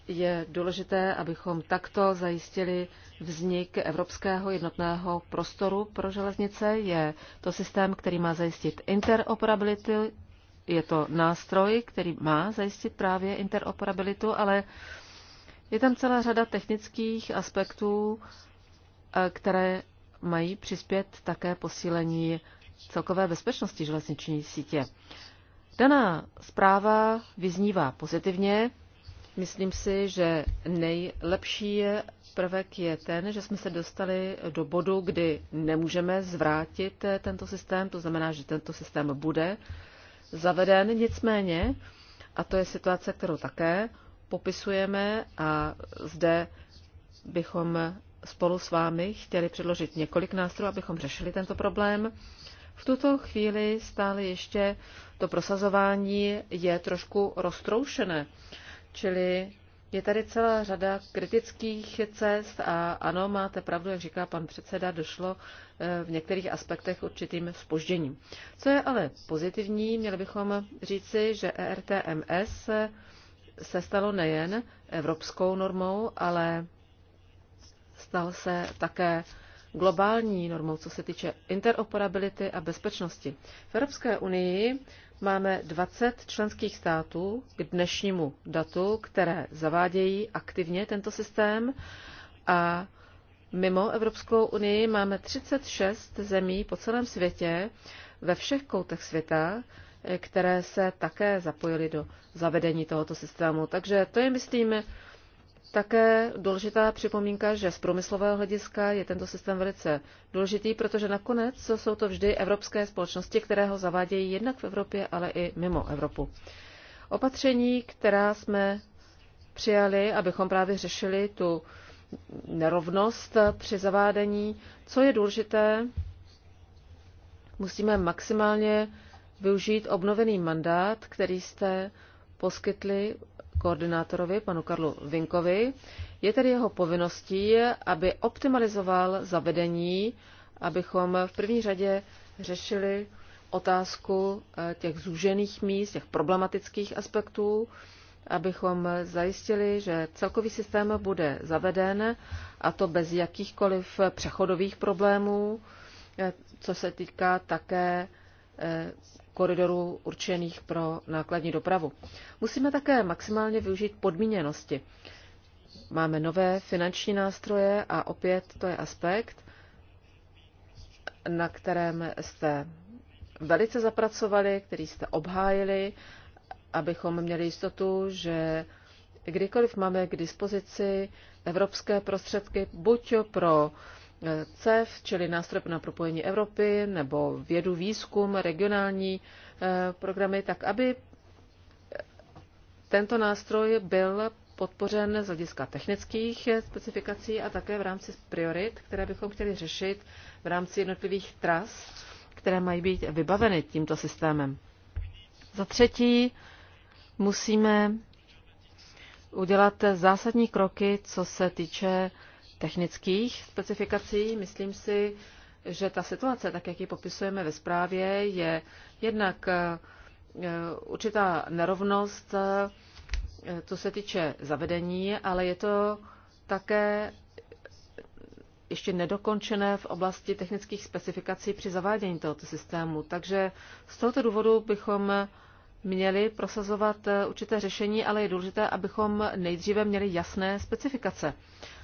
Je důležité, abychom takto zajistili vznik evropského jednotného prostoru pro železnice. Je to systém, který má zajistit interoperabilitu. Je to nástroj, který má zajistit právě interoperabilitu, ale je tam celá řada technických aspektů, eh, které mají přispět také posílení celkové bezpečnosti železniční sítě. Daná zpráva vyznívá pozitivně. Myslím si, že nejlepší prvek je ten, že jsme se dostali do bodu, kdy nemůžeme zvrátit eh, tento systém, to znamená, že tento systém bude zaveden. Nicméně, a to je situace, kterou také popisujeme a zde bychom spolu s vámi chtěli předložit několik nástrojů, abychom řešili tento problém. V tuto chvíli stále ještě to prosazování je trošku roztroušené. Čili je tady celá řada kritických cest a ano, máte pravdu, jak říká pan předseda, došlo eh, v některých aspektech určitým spožděním. Co je ale pozitivní, měli bychom říci, že ERTMS se stalo nejen evropskou normou, ale stal se také globální normou, co se týče interoperability a bezpečnosti. V Evropské unii máme 20 členských států k dnešnímu datu, které zavádějí aktivně tento systém a mimo Evropskou unii máme 36 zemí po celém světě, ve všech koutech světa, které se také zapojily do zavedení tohoto systému. Takže to je, myslím, také důležitá připomínka, že z průmyslového hlediska je tento systém velice důležitý, protože nakonec jsou to vždy evropské společnosti, které ho zavádějí jednak v Evropě, ale i mimo Evropu. Opatření, která jsme přijali, abychom právě řešili tu nerovnost při zavádění, co je důležité, musíme maximálně využít obnovený mandát, který jste poskytli koordinátorovi, panu Karlu Vinkovi. Je tedy jeho povinností, aby optimalizoval zavedení, abychom v první řadě řešili otázku eh, těch zúžených míst, těch problematických aspektů, abychom zajistili, že celkový systém bude zaveden a to bez jakýchkoliv přechodových problémů, eh, co se týká také eh, koridorů určených pro nákladní dopravu. Musíme také maximálně využít podmíněnosti. Máme nové finanční nástroje a opět to je aspekt, na kterém jste velice zapracovali, který jste obhájili, abychom měli jistotu, že kdykoliv máme k dispozici evropské prostředky, buď pro uh, CEF, čili nástroj na propojení Evropy, nebo vědu, výzkum, regionální eh, programy, tak aby tento nástroj byl podpořen z hlediska technických specifikací a také v rámci priorit, které bychom chtěli řešit v rámci jednotlivých tras, které mají být vybaveny tímto systémem. Za třetí musíme udělat zásadní kroky, co se týče technických specifikací. Myslím si, že ta situace, tak jak ji popisujeme ve zprávě, je jednak eh, určitá nerovnost, eh, co se týče zavedení, ale je to také ještě nedokončené v oblasti technických specifikací při zavádění tohoto systému. Takže z tohoto důvodu bychom měli prosazovat eh, určité řešení, ale je důležité, abychom nejdříve měli jasné specifikace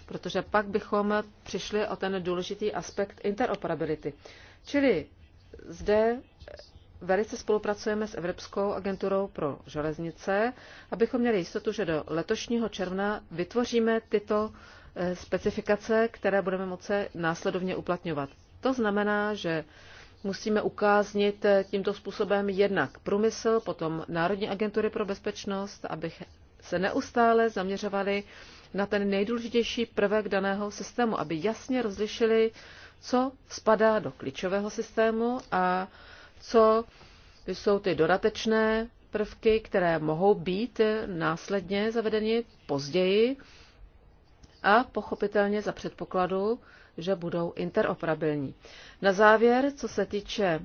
protože pak bychom přišli o ten důležitý aspekt interoperability. Čili zde velice spolupracujeme s Evropskou agenturou pro železnice, abychom měli jistotu, že do letošního června vytvoříme tyto eh, specifikace, které budeme moci následovně uplatňovat. To znamená, že musíme ukáznit eh, tímto způsobem jednak průmysl, potom Národní agentury pro bezpečnost, abych se neustále zaměřovali na ten nejdůležitější prvek daného systému, aby jasně rozlišili, co spadá do klíčového systému a co jsou ty dodatečné prvky, které mohou být následně zavedeny později a pochopitelně za předpokladu, že budou interoperabilní. Na závěr, co se týče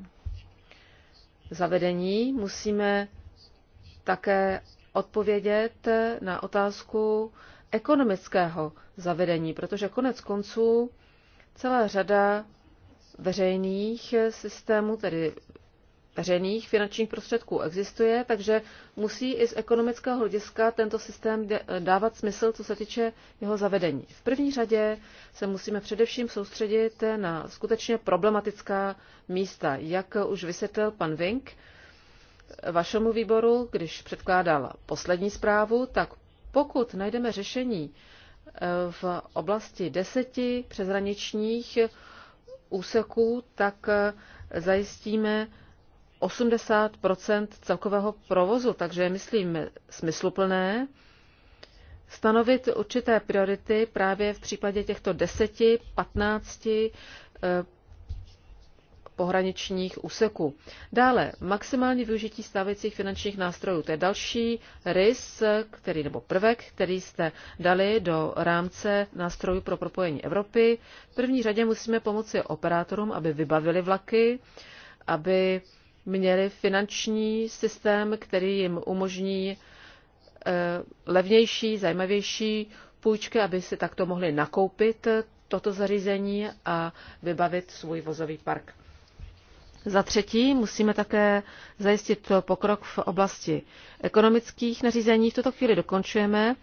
zavedení, musíme také odpovědět na otázku ekonomického zavedení, protože konec konců celá řada veřejných systémů, tedy veřejných finančních prostředků existuje, takže musí i z ekonomického hlediska tento systém dávat smysl, co se týče jeho zavedení. V první řadě se musíme především soustředit na skutečně problematická místa, jak už vysvětlil pan Vink, vašemu výboru, když předkládal poslední zprávu, tak pokud najdeme řešení eh, v oblasti deseti přezraničních úseků, tak eh, zajistíme 80 celkového provozu, takže je, myslím, smysluplné stanovit určité priority právě v případě těchto deseti, patnácti. Eh, pohraničních úseků. Dále maximální využití stávajících finančních nástrojů. To je další rys, který, nebo prvek, který jste dali do rámce nástrojů pro propojení Evropy. V první řadě musíme pomoci operátorům, aby vybavili vlaky, aby měli finanční systém, který jim umožní eh, levnější, zajímavější půjčky, aby si takto mohli nakoupit toto zařízení a vybavit svůj vozový park. Za třetí musíme také zajistit pokrok v oblasti ekonomických nařízení. V tuto chvíli dokončujeme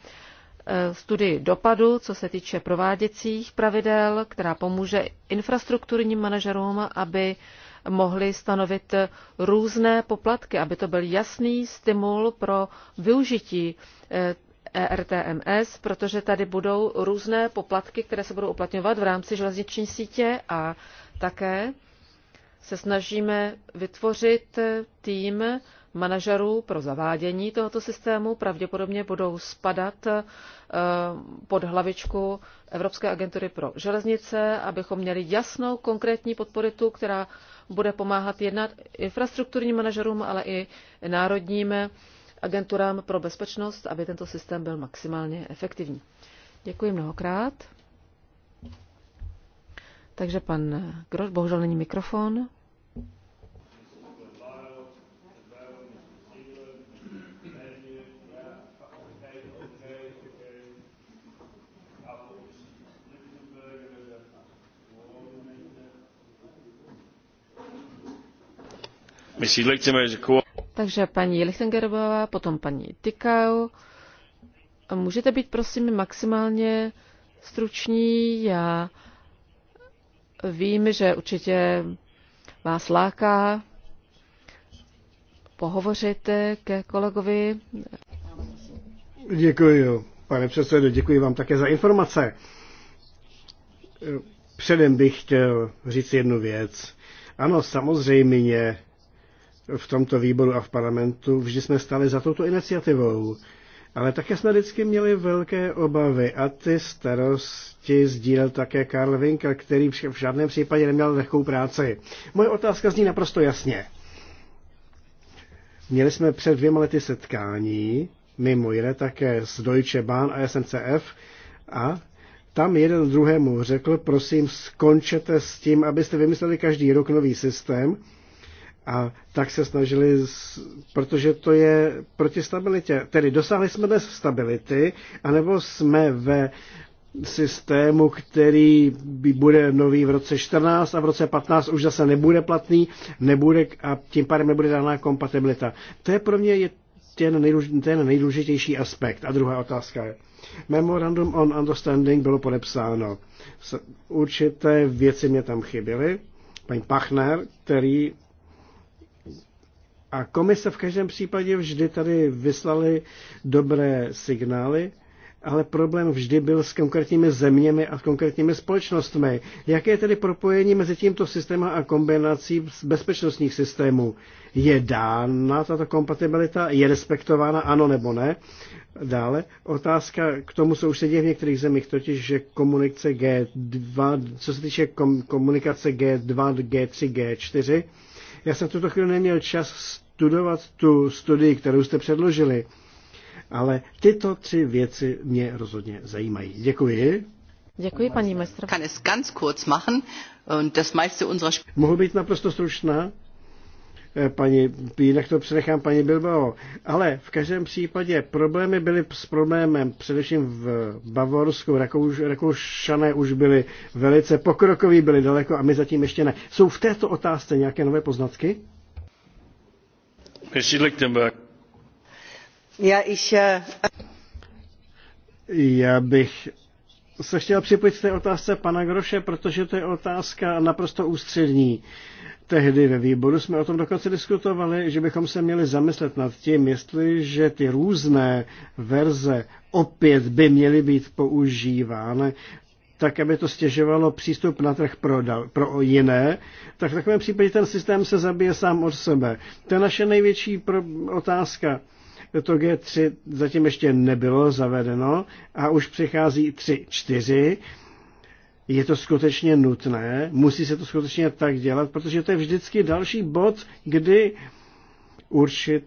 eh, studii dopadu, co se týče prováděcích pravidel, která pomůže infrastrukturním manažerům, aby mohli stanovit různé poplatky, aby to byl jasný stimul pro využití ERTMS, eh, e protože tady budou různé poplatky, které se budou uplatňovat v rámci železniční sítě a také se snažíme vytvořit tým manažerů pro zavádění tohoto systému. Pravděpodobně budou spadat eh, pod hlavičku Evropské agentury pro železnice, abychom měli jasnou konkrétní podporitu, která bude pomáhat jednat infrastrukturním manažerům, ale i národním agenturám pro bezpečnost, aby tento systém byl maximálně efektivní. Děkuji mnohokrát. Takže pan Groš, bohužel není mikrofon. Takže paní Lichtengerová, potom paní Tykau. Můžete být prosím maximálně struční, já vím, že určitě vás láká pohovořit ke kolegovi. Děkuji, pane předsedo, děkuji vám také za informace. Předem bych chtěl říct jednu věc. Ano, samozřejmě v tomto výboru a v parlamentu vždy jsme stali za touto iniciativou. Ale také jsme vždycky měli velké obavy a ty starosti sdílel také Karl Winkel, který v žádném případě neměl lehkou práci. Moje otázka zní naprosto jasně. Měli jsme před dvěma lety setkání, mimo jiné také s Deutsche Bahn a SNCF, a tam jeden druhému řekl, prosím, skončete s tím, abyste vymysleli každý rok nový systém, a tak se snažili, protože to je proti stabilitě. Tedy dosáhli jsme dnes stability, anebo jsme ve systému, který bude nový v roce 14 a v roce 15 už zase nebude platný nebude, a tím pádem nebude dána kompatibilita. To je pro mě je ten, nejdůlež, ten nejdůležitější aspekt. A druhá otázka je. Memorandum on Understanding bylo podepsáno. Určité věci mě tam chyběly. Paní Pachner, který a komise v každém případě vždy tady vyslali dobré signály, ale problém vždy byl s konkrétními zeměmi a s konkrétními společnostmi. Jaké je tedy propojení mezi tímto systémem a kombinací bezpečnostních systémů? Je dána tato kompatibilita? Je respektována ano nebo ne? Dále otázka k tomu, co už se děje v některých zemích, totiž, že komunikace G2, co se týče komunikace G2, G3, G4, já jsem v tuto chvíli neměl čas studovat tu studii, kterou jste předložili, ale tyto tři věci mě rozhodně zajímají. Děkuji. Děkuji, paní mistr. Kann es ganz kurz machen und das meiste unserer... Mohu být naprosto stručná? Eh, paní, jinak to přenechám paní Bilbao. Ale v každém případě problémy byly s problémem především v Bavorsku. Rakouš, Rakoušané už byli velice pokrokoví, byli daleko a my zatím ještě ne. Jsou v této otázce nějaké nové poznatky? Já, ich, eh, Já bych se chtěl připojit k té otázce pana Groše, protože to je otázka naprosto ústřední. Uh, tehdy ve výboru jsme o tom dokonce diskutovali, že bychom se měli zamyslet nad tím, jestliže ty různé verze opět by měly být používány, tak aby to stěžovalo přístup na trh pro, dal, pro jiné, tak v takovém případě ten systém se zabije sám od sebe. To je naše největší pro, otázka. To G3 zatím ještě nebylo zavedeno a už přichází 3.4, je to skutečně nutné, musí se to skutečně tak dělat, protože to je vždycky další bod, kdy určit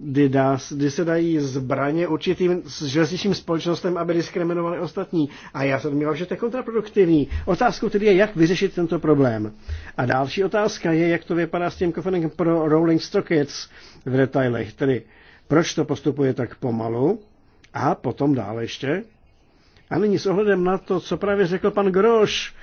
kdy, dá, kdy se dají zbraně určitým železničním společnostem, aby diskriminovali ostatní. A já se domnívám, že to je kontraproduktivní. Otázkou tedy je, jak vyřešit tento problém. A další otázka je, jak to vypadá s tím kofenem pro Rolling Stockets v detailech. Tedy proč to postupuje tak pomalu? A potom dále ještě, a nyní s ohledem na to, co právě řekl pan Groš,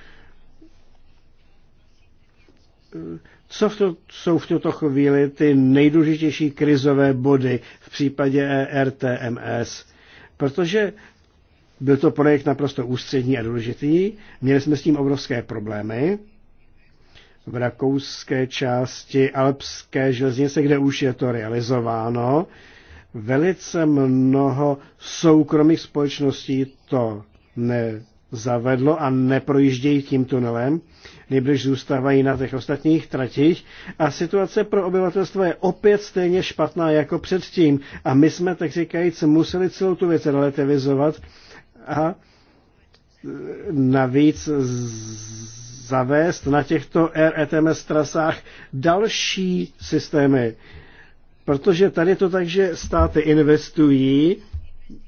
co v to, jsou v tuto chvíli ty nejdůležitější krizové body v případě e RTMS? Protože byl to projekt naprosto ústřední a důležitý, měli jsme s tím obrovské problémy v rakouské části alpské železnice, kde už je to realizováno, Velice mnoho soukromých společností to nezavedlo a neprojíždějí tím tunelem, nejbliž zůstávají na těch ostatních tratích a situace pro obyvatelstvo je opět stejně špatná jako předtím a my jsme, tak říkajíc, museli celou tu věc relativizovat a e, navíc zavést na těchto RETMS trasách další systémy Protože tady to tak, že státy investují,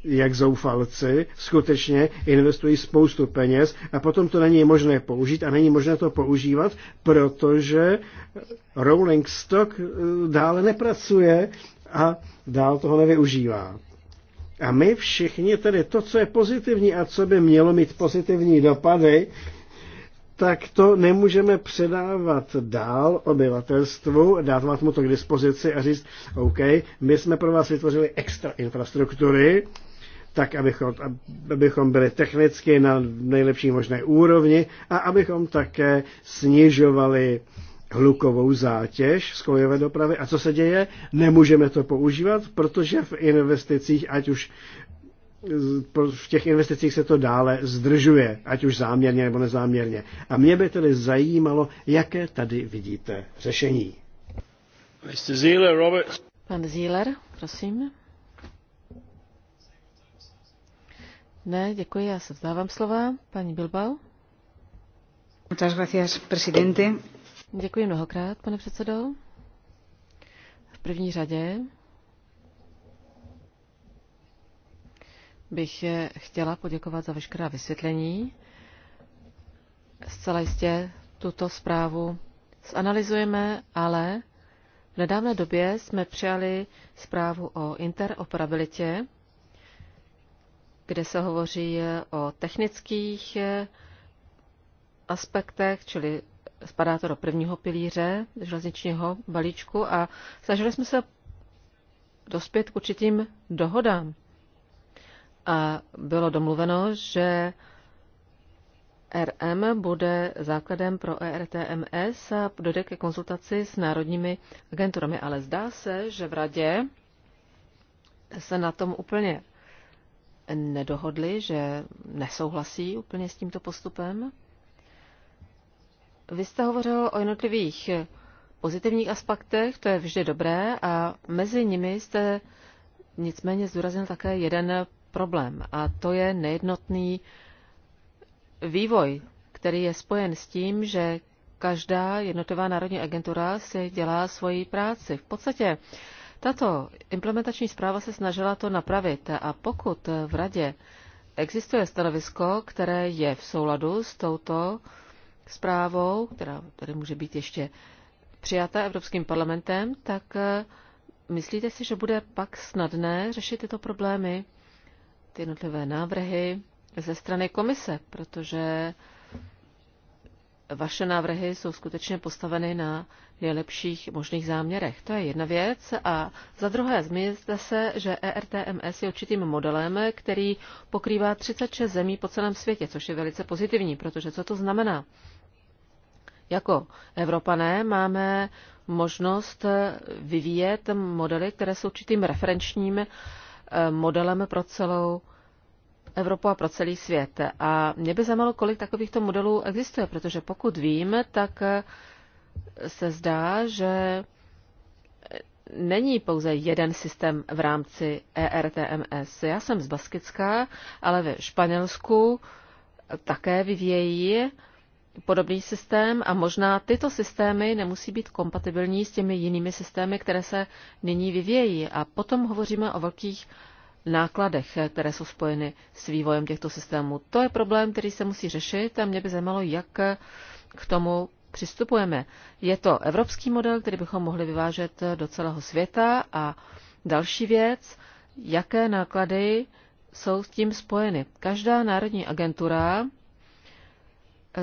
jak zoufalci, skutečně investují spoustu peněz a potom to není možné použít a není možné to používat, protože Rolling Stock eh, dále nepracuje a dál toho nevyužívá. A my všichni tedy to, co je pozitivní a co by mělo mít pozitivní dopady, tak to nemůžeme předávat dál obyvatelstvu, dávat mu to k dispozici a říct, OK, my jsme pro vás vytvořili extra infrastruktury, tak abychom, abychom byli technicky na nejlepší možné úrovni a abychom také snižovali hlukovou zátěž z kolejové dopravy. A co se děje? Nemůžeme to používat, protože v investicích, ať už v těch investicích se to dále zdržuje, ať už záměrně nebo nezáměrně. A mě by tedy zajímalo, jaké tady vidíte řešení. Mr. Zieler, Robert. Pan Zieler, prosím. Ne, děkuji, já se vzdávám slova. Paní Bilbao. Muchas gracias, presidente. Děkuji mnohokrát, pane předsedo. V první řadě bych chtěla poděkovat za veškerá vysvětlení. Zcela jistě tuto zprávu zanalizujeme, ale v nedávné době jsme přijali zprávu o interoperabilitě, kde se hovoří o technických aspektech, čili spadá to do prvního pilíře železničního balíčku a snažili jsme se dospět k určitým dohodám a bylo domluveno, že RM bude základem pro ERTMS a dojde ke konzultaci s národními agenturami, ale zdá se, že v radě se na tom úplně nedohodli, že nesouhlasí úplně s tímto postupem. Vy jste hovořil o jednotlivých pozitivních aspektech, to je vždy dobré, a mezi nimi jste nicméně zdůraznil také jeden problém a to je nejednotný vývoj, který je spojen s tím, že každá jednotová národní agentura si dělá svoji práci. V podstatě tato implementační zpráva se snažila to napravit a pokud v radě existuje stanovisko, které je v souladu s touto zprávou, která tady může být ještě přijata Evropským parlamentem, tak eh, myslíte si, že bude pak snadné řešit tyto problémy? ty jednotlivé návrhy ze strany komise, protože vaše návrhy jsou skutečně postaveny na nejlepších možných záměrech. To je jedna věc. A za druhé, zmíněte se, že ERTMS je určitým modelem, který pokrývá 36 zemí po celém světě, což je velice pozitivní, protože co to znamená? Jako Evropané máme možnost vyvíjet modely, které jsou určitým referenčním modelem pro celou Evropu a pro celý svět. A mě by zajímalo, kolik takovýchto modelů existuje, protože pokud vím, tak se zdá, že není pouze jeden systém v rámci ERTMS. Já jsem z Baskická, ale ve Španělsku také vyvějí podobný systém a možná tyto systémy nemusí být kompatibilní s těmi jinými systémy, které se nyní vyvějí. A potom hovoříme o velkých nákladech, které jsou spojeny s vývojem těchto systémů. To je problém, který se musí řešit a mě by zajímalo, jak k tomu přistupujeme. Je to evropský model, který bychom mohli vyvážet do celého světa a další věc, jaké náklady jsou s tím spojeny. Každá národní agentura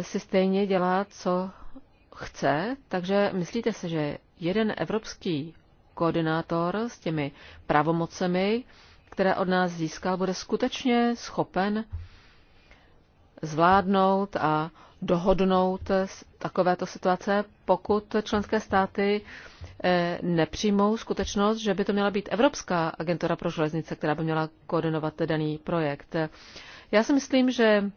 si stejně dělá, co chce, takže myslíte se, že jeden evropský koordinátor s těmi pravomocemi, které od nás získal, bude skutečně schopen zvládnout a dohodnout takovéto situace, pokud členské státy eh, nepřijmou skutečnost, že by to měla být Evropská agentura pro železnice, která by měla koordinovat daný projekt. Já si myslím, že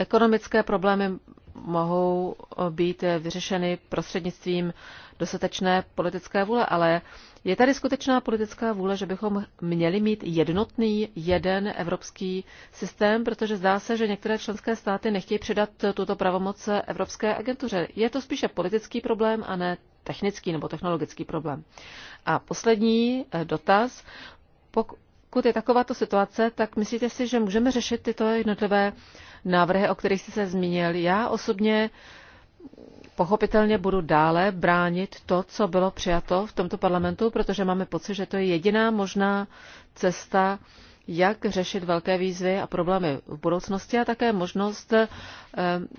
Ekonomické problémy mohou eh, být eh, vyřešeny prostřednictvím dostatečné politické vůle, ale je tady skutečná politická vůle, že bychom měli mít jednotný jeden evropský systém, protože zdá se, že některé členské státy nechtějí předat tuto pravomoc Evropské agentuře. Je to spíše politický problém a ne technický nebo technologický problém. A poslední eh, dotaz. pokud pokud je takováto situace, tak myslíte si, že můžeme řešit tyto jednotlivé návrhy, o kterých jste se zmínil? Já osobně pochopitelně budu dále bránit to, co bylo přijato v tomto parlamentu, protože máme pocit, že to je jediná možná cesta, jak řešit velké výzvy a problémy v budoucnosti a také možnost eh,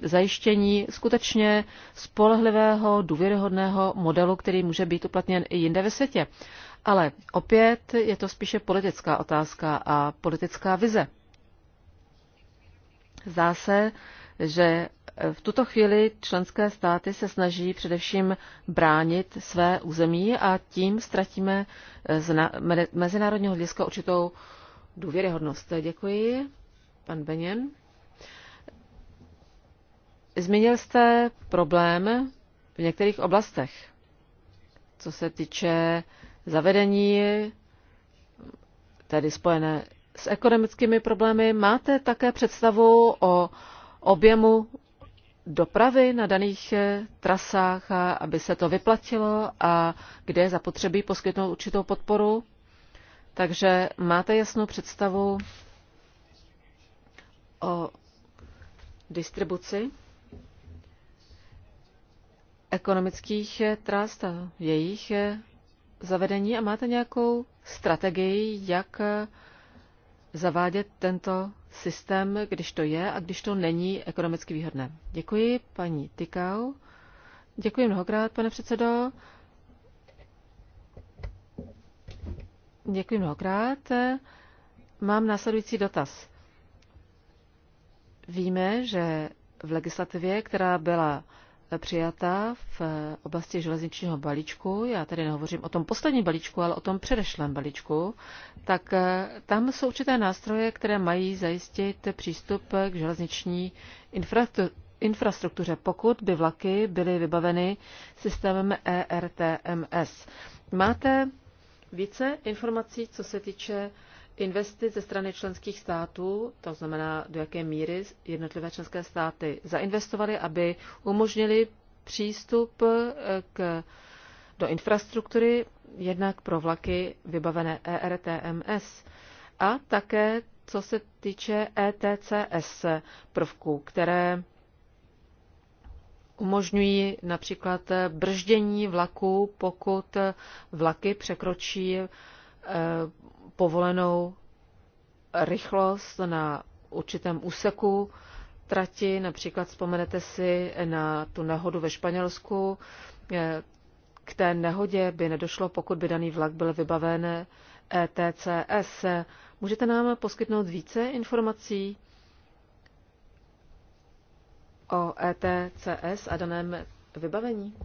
zajištění skutečně spolehlivého, důvěryhodného modelu, který může být uplatněn i jinde ve světě. Ale opět je to spíše politická otázka a politická vize. Zdá se, že v tuto chvíli členské státy se snaží především bránit své území a tím ztratíme z mezinárodního hlediska určitou důvěryhodnost. Děkuji. Pan Beněn. Zmínil jste problém v některých oblastech, co se týče zavedení, tedy spojené s ekonomickými problémy. Máte také představu o objemu dopravy na daných eh, trasách, aby se to vyplatilo a kde je zapotřebí poskytnout určitou podporu. Takže máte jasnou představu o distribuci ekonomických eh, tras a jejich eh, zavedení a máte nějakou strategii, jak zavádět tento systém, když to je a když to není ekonomicky výhodné. Děkuji, paní Tykau. Děkuji mnohokrát, pane předsedo. Děkuji mnohokrát. Mám následující dotaz. Víme, že v legislativě, která byla přijatá v oblasti železničního balíčku, já tady nehovořím o tom posledním balíčku, ale o tom předešlém balíčku, tak eh, tam jsou určité nástroje, které mají zajistit přístup k železniční infrastruktuře, pokud by vlaky byly vybaveny systémem ERTMS. Máte více informací, co se týče investic ze strany členských států, to znamená, do jaké míry jednotlivé členské státy zainvestovaly, aby umožnili přístup eh, k, do infrastruktury jednak pro vlaky vybavené ERTMS a také co se týče ETCS prvků, které umožňují například brždění vlaků, pokud vlaky překročí eh, povolenou rychlost na určitém úseku trati. Například vzpomenete si na tu nehodu ve Španělsku. Eh, k té nehodě by nedošlo, pokud by daný vlak byl vybaven ETCS. Můžete nám poskytnout více informací o ETCS a daném vybavení?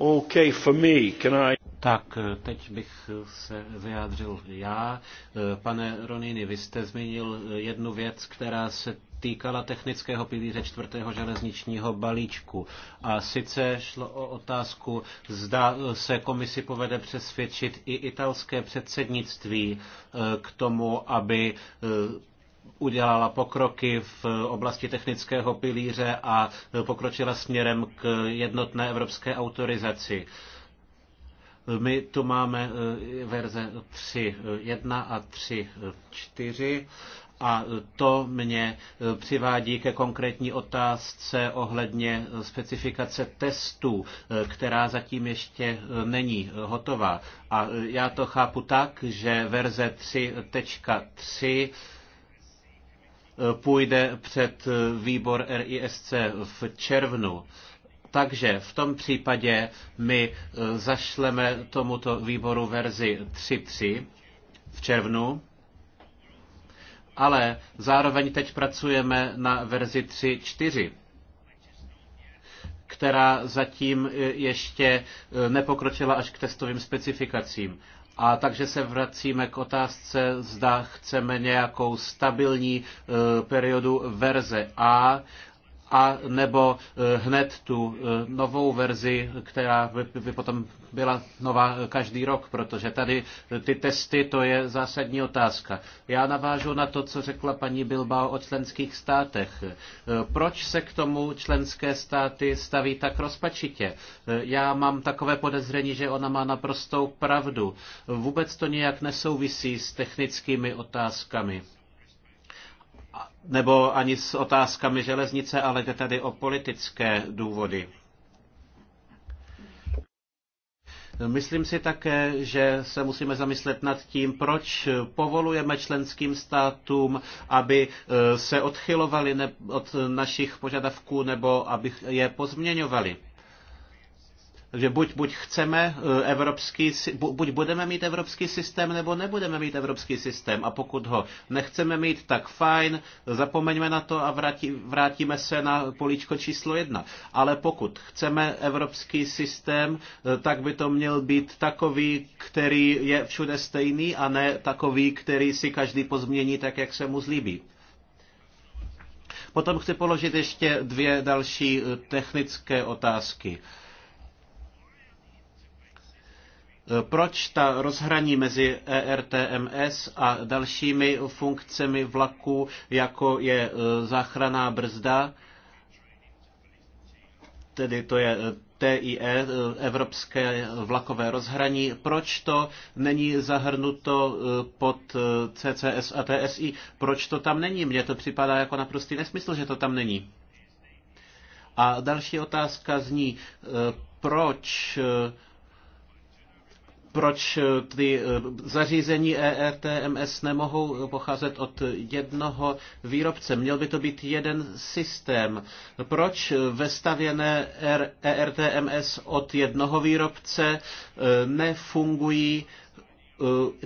Okay, for me, can I... Tak, eh, teď bych eh, se vyjádřil já. Eh, pane Roniny, vy jste zmínil jednu věc, která se týkala technického pilíře čtvrtého železničního balíčku. A sice šlo o otázku, zda se komisi povede přesvědčit i italské předsednictví k tomu, aby udělala pokroky v oblasti technického pilíře a pokročila směrem k jednotné evropské autorizaci. My tu máme eh, verze 3.1 a 3.4 a to mě eh, přivádí ke konkrétní otázce ohledně eh, specifikace testů, která zatím ještě není hotová. A já to chápu tak, že verze 3.3 půjde před výbor RISC v červnu. Takže v tom případě my e, zašleme tomuto výboru verzi 3.3 v červnu, ale zároveň teď pracujeme na verzi 3.4 která zatím e, ještě e, nepokročila až k testovým specifikacím. A takže se vracíme k otázce, zda chceme nějakou stabilní eh, periodu verze A, a nebo eh, hned tu eh, novou verzi, která by, by potom byla nová eh, každý rok, protože tady ty testy, to je zásadní otázka. Já navážu na to, co řekla paní Bilbao o členských státech. Proč se k tomu členské státy staví tak rozpačitě? Já mám takové podezření, že ona má naprostou pravdu. Vůbec to nějak nesouvisí s technickými otázkami nebo ani s otázkami železnice, ale jde tady o politické důvody. Myslím si také, že se musíme zamyslet nad tím, proč povolujeme členským státům, aby e, se odchylovali od našich požadavků nebo aby je pozměňovali. Takže buď, buď chceme eh, evropský, buď budeme mít evropský systém, nebo nebudeme mít evropský systém. A pokud ho nechceme mít, tak fajn, zapomeňme na to a vrátí, vrátíme se na políčko číslo jedna. Ale pokud chceme evropský systém, eh, tak by to měl být takový, který je všude stejný a ne takový, který si každý pozmění tak, jak se mu zlíbí. Potom chci položit ještě dvě další eh, technické otázky. Proč ta rozhraní mezi ERTMS a dalšími funkcemi vlaku, jako je e, záchraná brzda, tedy to je TIE, e, e, Evropské vlakové rozhraní, proč to není zahrnuto pod CCS a TSI, proč to tam není? Mně to připadá jako naprostý nesmysl, že to tam není. A další otázka zní, proč proč eh, ty eh, zařízení ERTMS nemohou eh, pocházet od jednoho výrobce. Měl by to být jeden systém. Proč vestavěné ERTMS od jednoho výrobce nefungují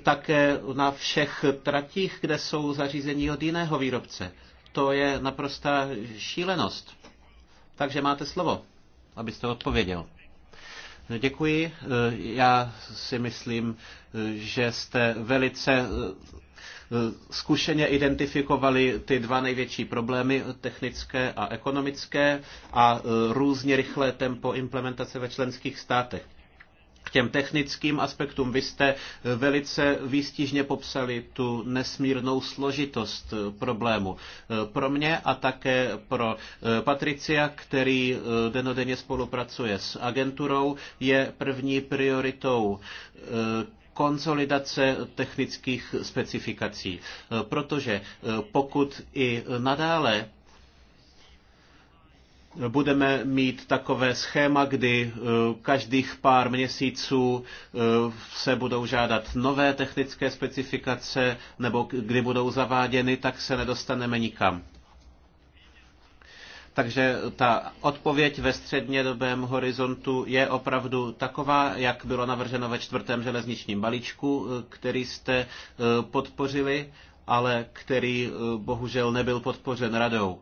také na všech tratích, kde jsou zařízení od jiného výrobce? To je naprostá šílenost. Takže máte slovo, abyste odpověděl. No, děkuji. Eh, já si myslím, eh, že jste velice eh, zkušeně identifikovali ty dva největší problémy, technické a ekonomické, a různě rychlé tempo implementace ve členských státech těm technickým aspektům. Vy jste eh, velice výstižně popsali tu nesmírnou složitost eh, problému. Eh, pro mě a také pro Patricia, který denodenně spolupracuje s agenturou, je první prioritou konsolidace technických specifikací. Protože pokud i nadále budeme mít takové schéma, kdy eh, každých pár měsíců eh, se budou žádat nové technické specifikace nebo kdy budou zaváděny, tak se nedostaneme nikam. Takže ta odpověď ve střednědobém horizontu je opravdu taková, jak bylo navrženo ve čtvrtém železničním balíčku, eh, který jste podpořili, ale který bohužel nebyl podpořen radou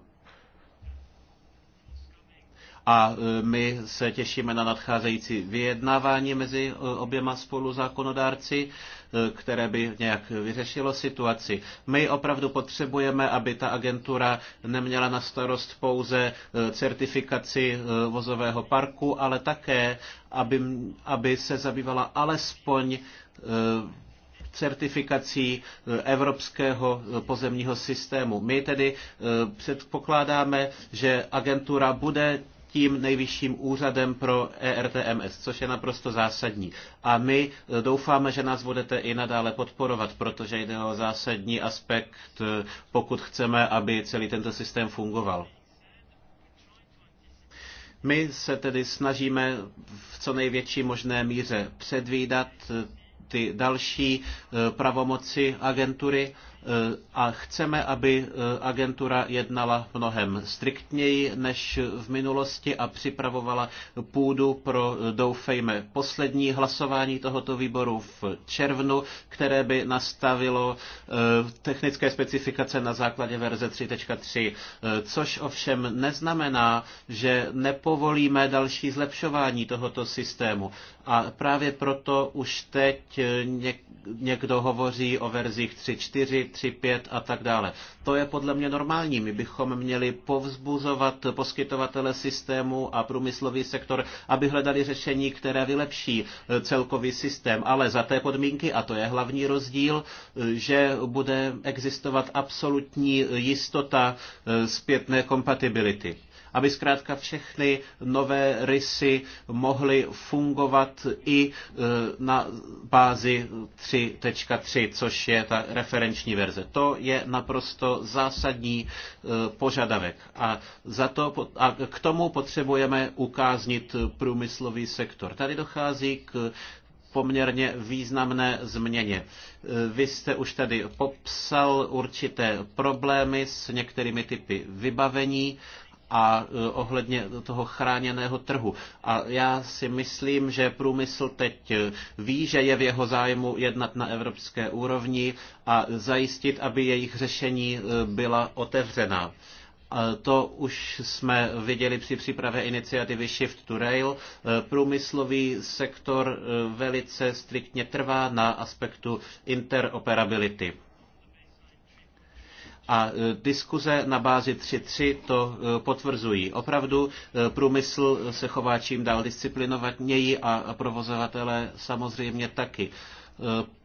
a e, my se těšíme na nadcházející vyjednávání mezi e, oběma spoluzákonodárci, e, které by nějak vyřešilo situaci. My opravdu potřebujeme, aby ta agentura neměla na starost pouze certifikaci vozového parku, ale také, aby, aby se zabývala alespoň certifikací evropského pozemního systému. My tedy předpokládáme, že agentura bude tím nejvyšším úřadem pro ERTMS, což je naprosto zásadní. A my eh, doufáme, že nás budete i nadále podporovat, protože jde o zásadní aspekt, eh, pokud chceme, aby celý tento systém fungoval. My se tedy snažíme v co největší možné míře předvídat eh, ty další eh, pravomoci agentury eh, a chceme, aby eh, agentura jednala mnohem striktněji než v minulosti a připravovala půdu pro, doufejme, poslední hlasování tohoto výboru v červnu, které by nastavilo technické specifikace na základě verze 3.3, což ovšem neznamená, že nepovolíme další zlepšování tohoto systému. A právě proto už teď eh, někdo hovoří o verzích 3.4, 3.5 a tak dále. To je podle mě normální. My bychom měli povzbuzovat poskytovatele systému a průmyslový sektor, aby hledali řešení, které vylepší eh, celkový systém. Ale za té podmínky, a to je hlavní rozdíl, eh, že bude existovat absolutní jistota zpětné kompatibility aby zkrátka všechny nové rysy mohly fungovat i e, na bázi 3.3, což je ta referenční verze. To je naprosto zásadní e, požadavek. A, za to, a k tomu potřebujeme ukáznit průmyslový sektor. Tady dochází k poměrně významné změně. E, vy jste už tady popsal určité problémy s některými typy vybavení a eh, ohledně toho chráněného trhu. A já si myslím, že průmysl teď eh, ví, že je v jeho zájmu jednat na evropské úrovni a zajistit, aby jejich řešení eh, byla otevřená. To už jsme viděli při přípravě iniciativy Shift to Rail. Průmyslový sektor velice striktně trvá na aspektu interoperability. A e, diskuze na bázi 3.3 to e, potvrzují. Opravdu e, průmysl se chová čím dál disciplinovaněji a provozovatele samozřejmě taky.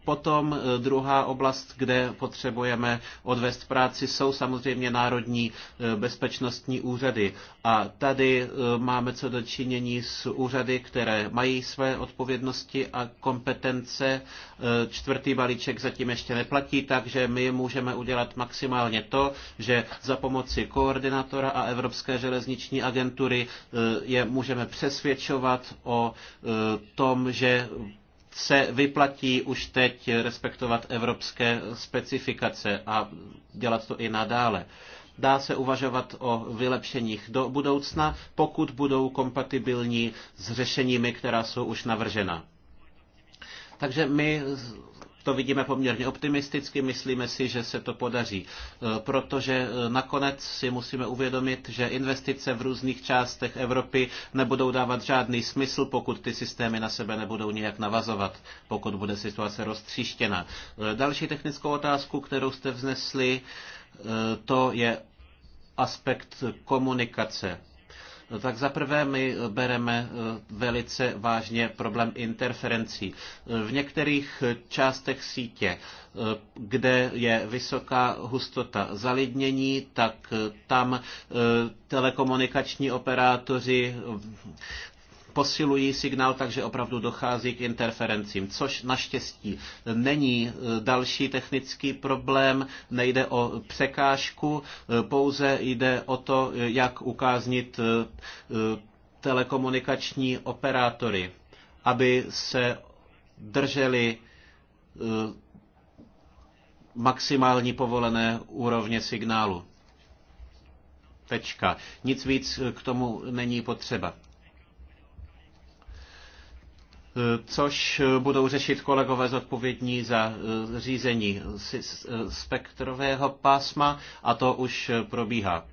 Potom eh, druhá oblast, kde potřebujeme odvést práci, jsou samozřejmě národní eh, bezpečnostní úřady. A tady eh, máme co dočinění s úřady, které mají své odpovědnosti a kompetence. Čtvrtý balíček zatím ještě neplatí, takže my můžeme udělat maximálně to, že za pomoci koordinátora a Evropské železniční agentury je můžeme přesvědčovat o tom, že se vyplatí už teď respektovat evropské specifikace a dělat to i nadále. Dá se uvažovat o vylepšeních do budoucna, pokud budou kompatibilní s řešeními, která jsou už navržena. Takže my to vidíme poměrně optimisticky, myslíme si, že se to podaří, e, protože e, nakonec si musíme uvědomit, že investice v různých částech Evropy nebudou dávat žádný smysl, pokud ty systémy na sebe nebudou nějak navazovat, pokud bude situace roztříštěna. E, další technickou otázku, kterou jste vznesli, to je aspekt komunikace No tak zaprvé my bereme eh, velice vážně problém interferencí. Eh, v některých částech sítě, eh, kde je vysoká hustota zalidnění, tak tam telekomunikační operátoři posilují signál, takže opravdu dochází k interferencím, což naštěstí není e, další technický problém, nejde o překážku, e, pouze jde o to, e, jak ukáznit telekomunikační operátory, aby se drželi maximální povolené úrovně signálu. Tečka. Nic víc k tomu není potřeba což budou řešit kolegové zodpovědní za eh, řízení eh, spektrového pásma a to už eh, probíhá.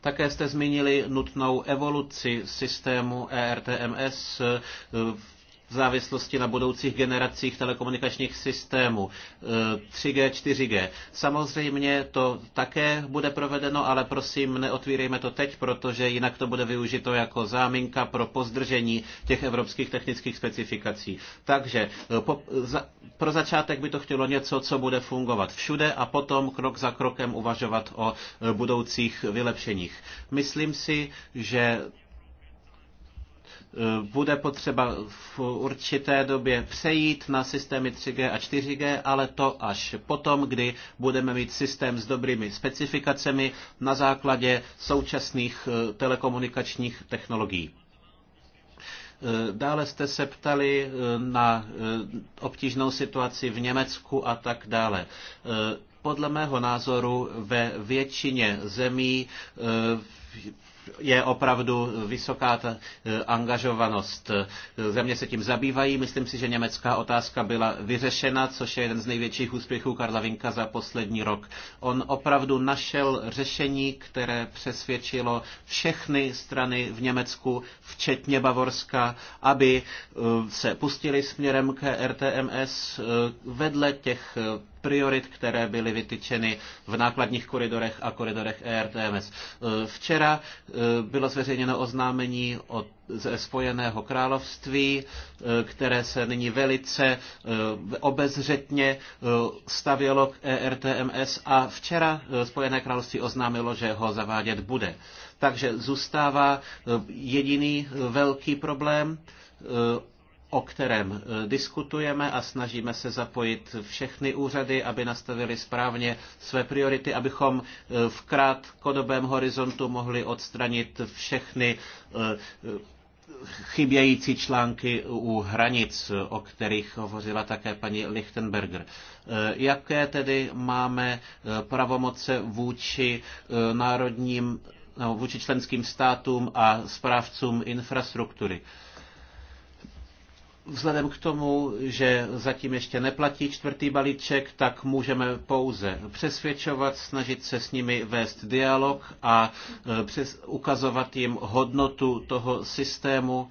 Také jste zmínili nutnou evoluci systému ERTMS závislosti na budoucích generacích telekomunikačních systémů 3G, e, 4G. Samozřejmě to také bude provedeno, ale prosím, neotvírejme to teď, protože jinak to bude využito jako záminka pro pozdržení těch evropských technických specifikací. Takže e, po, za, pro začátek by to chtělo něco, co bude fungovat všude a potom krok za krokem uvažovat o e, budoucích vylepšeních. Myslím si, že Eh, bude potřeba v určité době přejít na systémy 3G a 4G, ale to až potom, kdy budeme mít systém s dobrými specifikacemi na základě současných eh, telekomunikačních technologií. Eh, dále jste se ptali na obtížnou situaci v Německu a tak dále podle mého názoru ve většině zemí je opravdu vysoká ta eh, angažovanost. Země se tím zabývají. Myslím si, že německá otázka byla vyřešena, což je jeden z největších úspěchů Karla Vinka za poslední rok. On opravdu našel řešení, které přesvědčilo všechny strany v Německu, včetně Bavorska, aby eh, se pustili směrem k RTMS eh, vedle těch priorit, které byly vytyčeny v nákladních koridorech a koridorech ERTMS. Eh, včera eh, bylo zveřejněno oznámení od ze Spojeného království, eh, které se nyní velice obezřetně stavělo k ERTMS a včera Spojené království oznámilo, že ho zavádět bude. Takže zůstává jediný velký problém o kterém eh, diskutujeme a snažíme se zapojit všechny úřady, aby nastavili správně své priority, abychom eh, v krátkodobém horizontu mohli odstranit všechny eh, chybějící články u hranic, o kterých hovořila také paní Lichtenberger. Jaké tedy máme pravomoce vůči národním no, vůči členským státům a správcům infrastruktury. Vzhledem k tomu, že zatím ještě neplatí čtvrtý balíček, tak můžeme pouze přesvědčovat, snažit se s nimi vést dialog a e, přes, ukazovat jim hodnotu toho systému.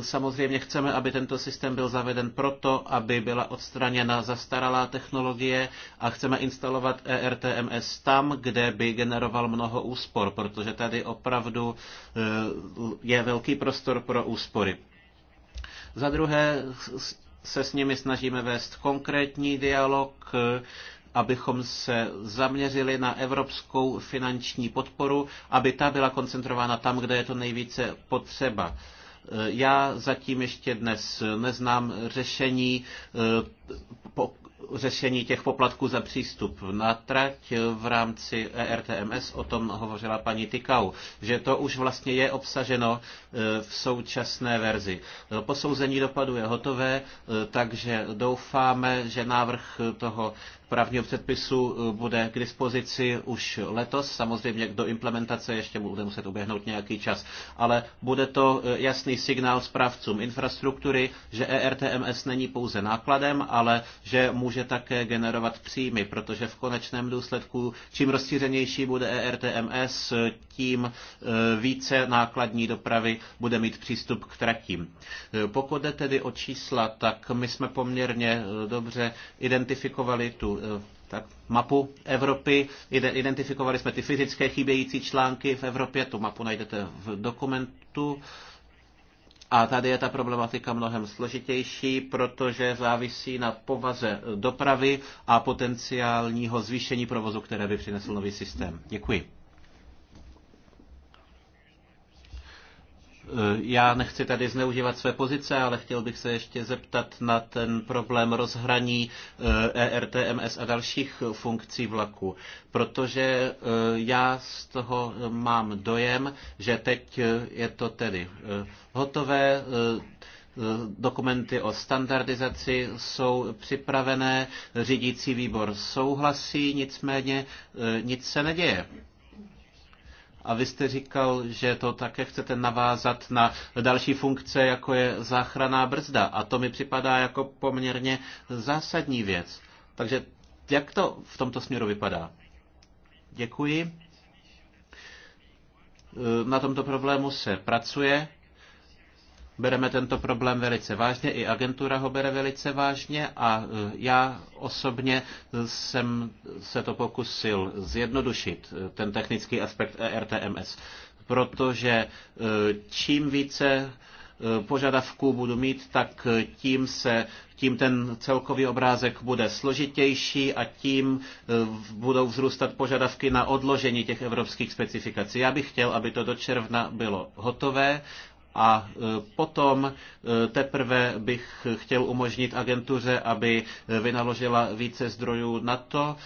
Samozřejmě chceme, aby tento systém byl zaveden proto, aby byla odstraněna zastaralá technologie a chceme instalovat ERTMS tam, kde by generoval mnoho úspor, protože tady opravdu e, je velký prostor pro úspory. Za druhé se s nimi snažíme vést konkrétní dialog, abychom se zaměřili na evropskou finanční podporu, aby ta byla koncentrována tam, kde je to nejvíce potřeba. E, já zatím ještě dnes neznám řešení e, řešení těch poplatků za přístup na trať v rámci ERTMS, o tom hovořila paní Tykau, že to už vlastně je obsaženo e, v současné verzi. Posouzení dopadu je hotové, e, takže doufáme, že návrh toho právního předpisu eh, bude k dispozici už letos. Samozřejmě do implementace ještě bude muset uběhnout nějaký čas, ale bude to eh, jasný signál zprávcům infrastruktury, že ERTMS není pouze nákladem, ale že může také generovat příjmy, protože v konečném důsledku čím rozšířenější bude ERTMS, tím eh, více nákladní dopravy bude mít přístup k tratím. Pokud jde tedy o čísla, tak my jsme poměrně dobře identifikovali tu Eh, tak, mapu Evropy, identifikovali jsme ty fyzické chybějící články v Evropě, tu mapu najdete v dokumentu. A tady je ta problematika mnohem složitější, protože závisí na povaze dopravy a potenciálního zvýšení provozu, které by přinesl nový systém. Děkuji. Eh, já nechci tady zneužívat své pozice, ale chtěl bych se ještě zeptat na ten problém rozhraní ERTMS eh, e a dalších funkcí vlaku, protože eh, já z toho mám dojem, že teď je to tedy hotové, dokumenty o standardizaci jsou připravené, řídící výbor souhlasí, nicméně nic se neděje. A vy jste říkal, že to také chcete navázat na další funkce, jako je záchraná brzda. A to mi připadá jako poměrně zásadní věc. Takže jak to v tomto směru vypadá? Děkuji. Na tomto problému se pracuje bereme tento problém velice vážně, i agentura ho bere velice vážně a e, já osobně jsem se to pokusil zjednodušit, e, ten technický aspekt ERTMS, protože e, čím více požadavků budu mít, tak tím se tím ten celkový obrázek bude složitější a tím budou vzrůstat požadavky na odložení těch evropských specifikací. Já bych chtěl, aby to do června bylo hotové a e, potom e, teprve bych chtěl umožnit agentuře, aby e, vynaložila více zdrojů na to,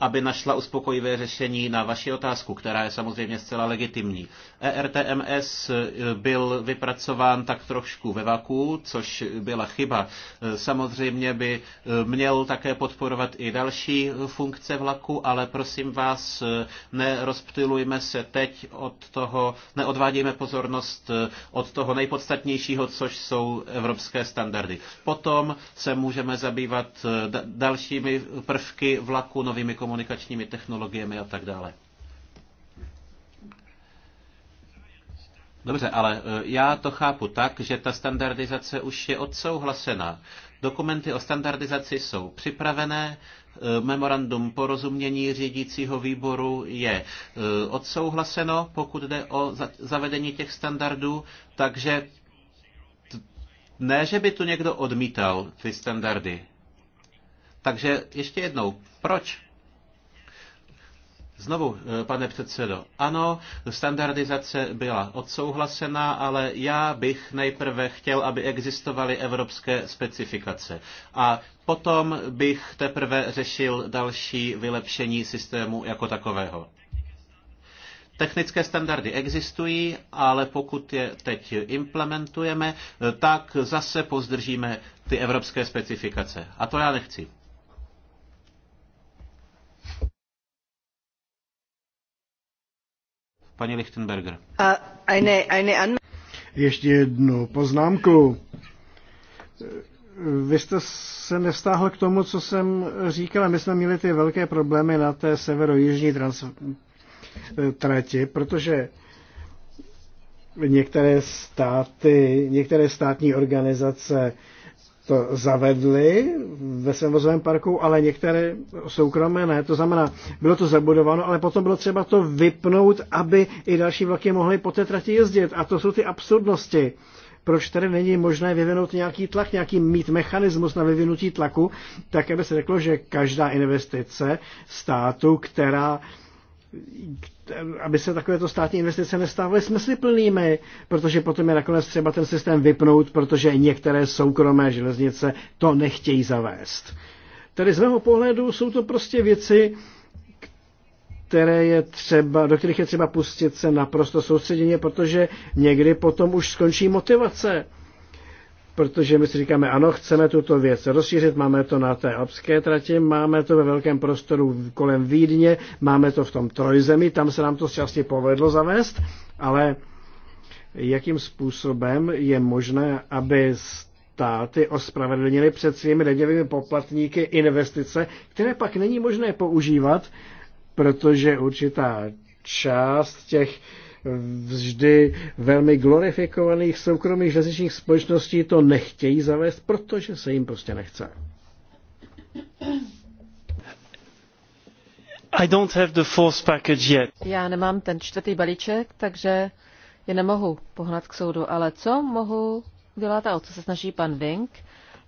aby našla uspokojivé řešení na vaši otázku, která je samozřejmě zcela legitimní. ERTMS e, byl vypracován tak trošku ve vaku, což byla chyba. E, samozřejmě by e, měl také podporovat i další funkce vlaku, ale prosím vás, nerozptilujme se teď od toho, neodvádějme pozornost od toho nejpodstatnějšího, což jsou evropské standardy. Potom se můžeme zabývat dalšími prvky vlaku, novými komunikacemi, komunikačními technologiemi a tak dále. Dobře, ale e, já to chápu tak, že ta standardizace už je odsouhlasená. Dokumenty o standardizaci jsou připravené, e, memorandum porozumění řídícího výboru je e, odsouhlaseno, pokud jde o zavedení těch standardů, takže ne, že by tu někdo odmítal ty standardy. Takže ještě jednou, proč Znovu, eh, pane předsedo, ano, standardizace byla odsouhlasena, ale já bych nejprve chtěl, aby existovaly evropské specifikace. A potom bych teprve řešil další vylepšení systému jako takového. Technické standardy existují, ale pokud je teď implementujeme, eh, tak zase pozdržíme ty evropské specifikace. A to já nechci. Paní Lichtenberger. Ještě jednu poznámku. Vy jste se nevstáhl k tomu, co jsem říkal. My jsme měli ty velké problémy na té severo-jižní trans... trati, protože některé státy, některé státní organizace to zavedli ve svém vozovém parku, ale některé soukromé ne. To znamená, bylo to zabudováno, ale potom bylo třeba to vypnout, aby i další vlaky mohly po té trati jezdit. A to jsou ty absurdnosti. Proč tady není možné vyvinout nějaký tlak, nějaký mít mechanismus na vyvinutí tlaku, tak aby se řeklo, že každá investice státu, která aby se takovéto státní investice nestávaly smyslyplnými, protože potom je nakonec třeba ten systém vypnout, protože některé soukromé železnice to nechtějí zavést. Tedy z mého pohledu jsou to prostě věci, které je třeba, do kterých je třeba pustit se naprosto soustředěně, protože někdy potom už skončí motivace protože my si říkáme, ano, chceme tuto věc rozšířit, máme to na té obské trati, máme to ve velkém prostoru kolem Vídně, máme to v tom trojzemí, tam se nám to z části povedlo zavést, ale jakým způsobem je možné, aby státy ospravedlnili před svými daňovými poplatníky investice, které pak není možné používat, protože určitá část těch uh, vždy velmi glorifikovaných soukromých železničních společností to nechtějí zavést, protože se jim prostě nechce. I don't have the fourth package yet. Já nemám ten čtvrtý balíček, takže je nemohu pohnat k soudu. Ale co mohu dělat a o co se snaží pan Vink?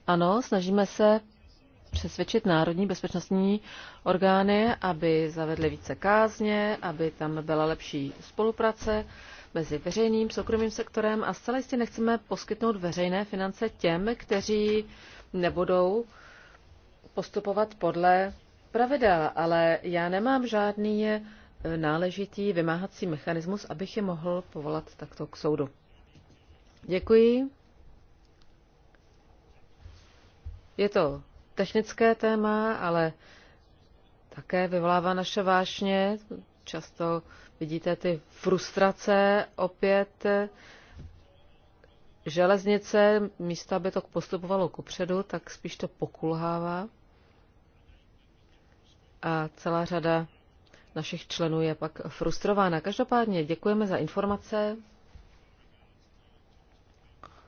Ano, snažíme se přesvědčit národní bezpečnostní orgány, aby zavedly více kázně, aby tam byla lepší spolupráce mezi veřejným, soukromým sektorem a zcela jistě nechceme poskytnout veřejné finance těm, kteří nebudou postupovat podle pravidel, ale já nemám žádný eh, náležitý vymáhací mechanismus, abych je mohl povolat takto k soudu. Děkuji. Je to technické téma, ale také vyvolává naše vášně. Často vidíte ty frustrace opět železnice, místo aby to postupovalo kupředu, tak spíš to pokulhává. A celá řada našich členů je pak frustrována. Každopádně děkujeme za informace.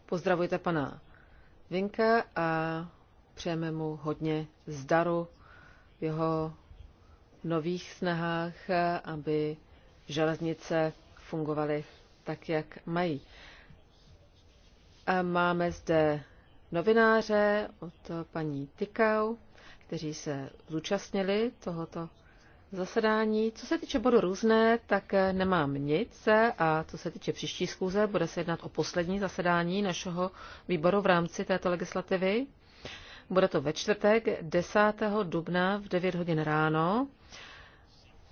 Pozdravujte pana Vinka a Přejeme mu hodně zdaru v jeho nových snahách, aby železnice fungovaly tak, jak mají. A máme zde novináře od paní Tykau, kteří se zúčastnili tohoto zasedání. Co se týče bodu různé, tak nemám nic a co se týče příští schůze, bude se jednat o poslední zasedání našeho výboru v rámci této legislativy. Bude to ve čtvrtek 10. dubna v 9 hodin ráno.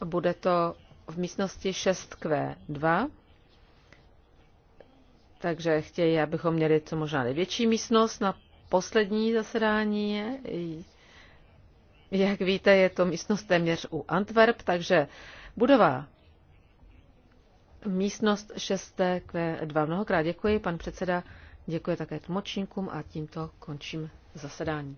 Bude to v místnosti 6Q2. Takže chtějí, abychom měli co možná největší místnost na poslední zasedání. Jak víte, je to místnost téměř u Antwerp, takže budova místnost 6Q2. Mnohokrát děkuji, pan předseda, děkuji také tmočníkům a tímto končím zasedání.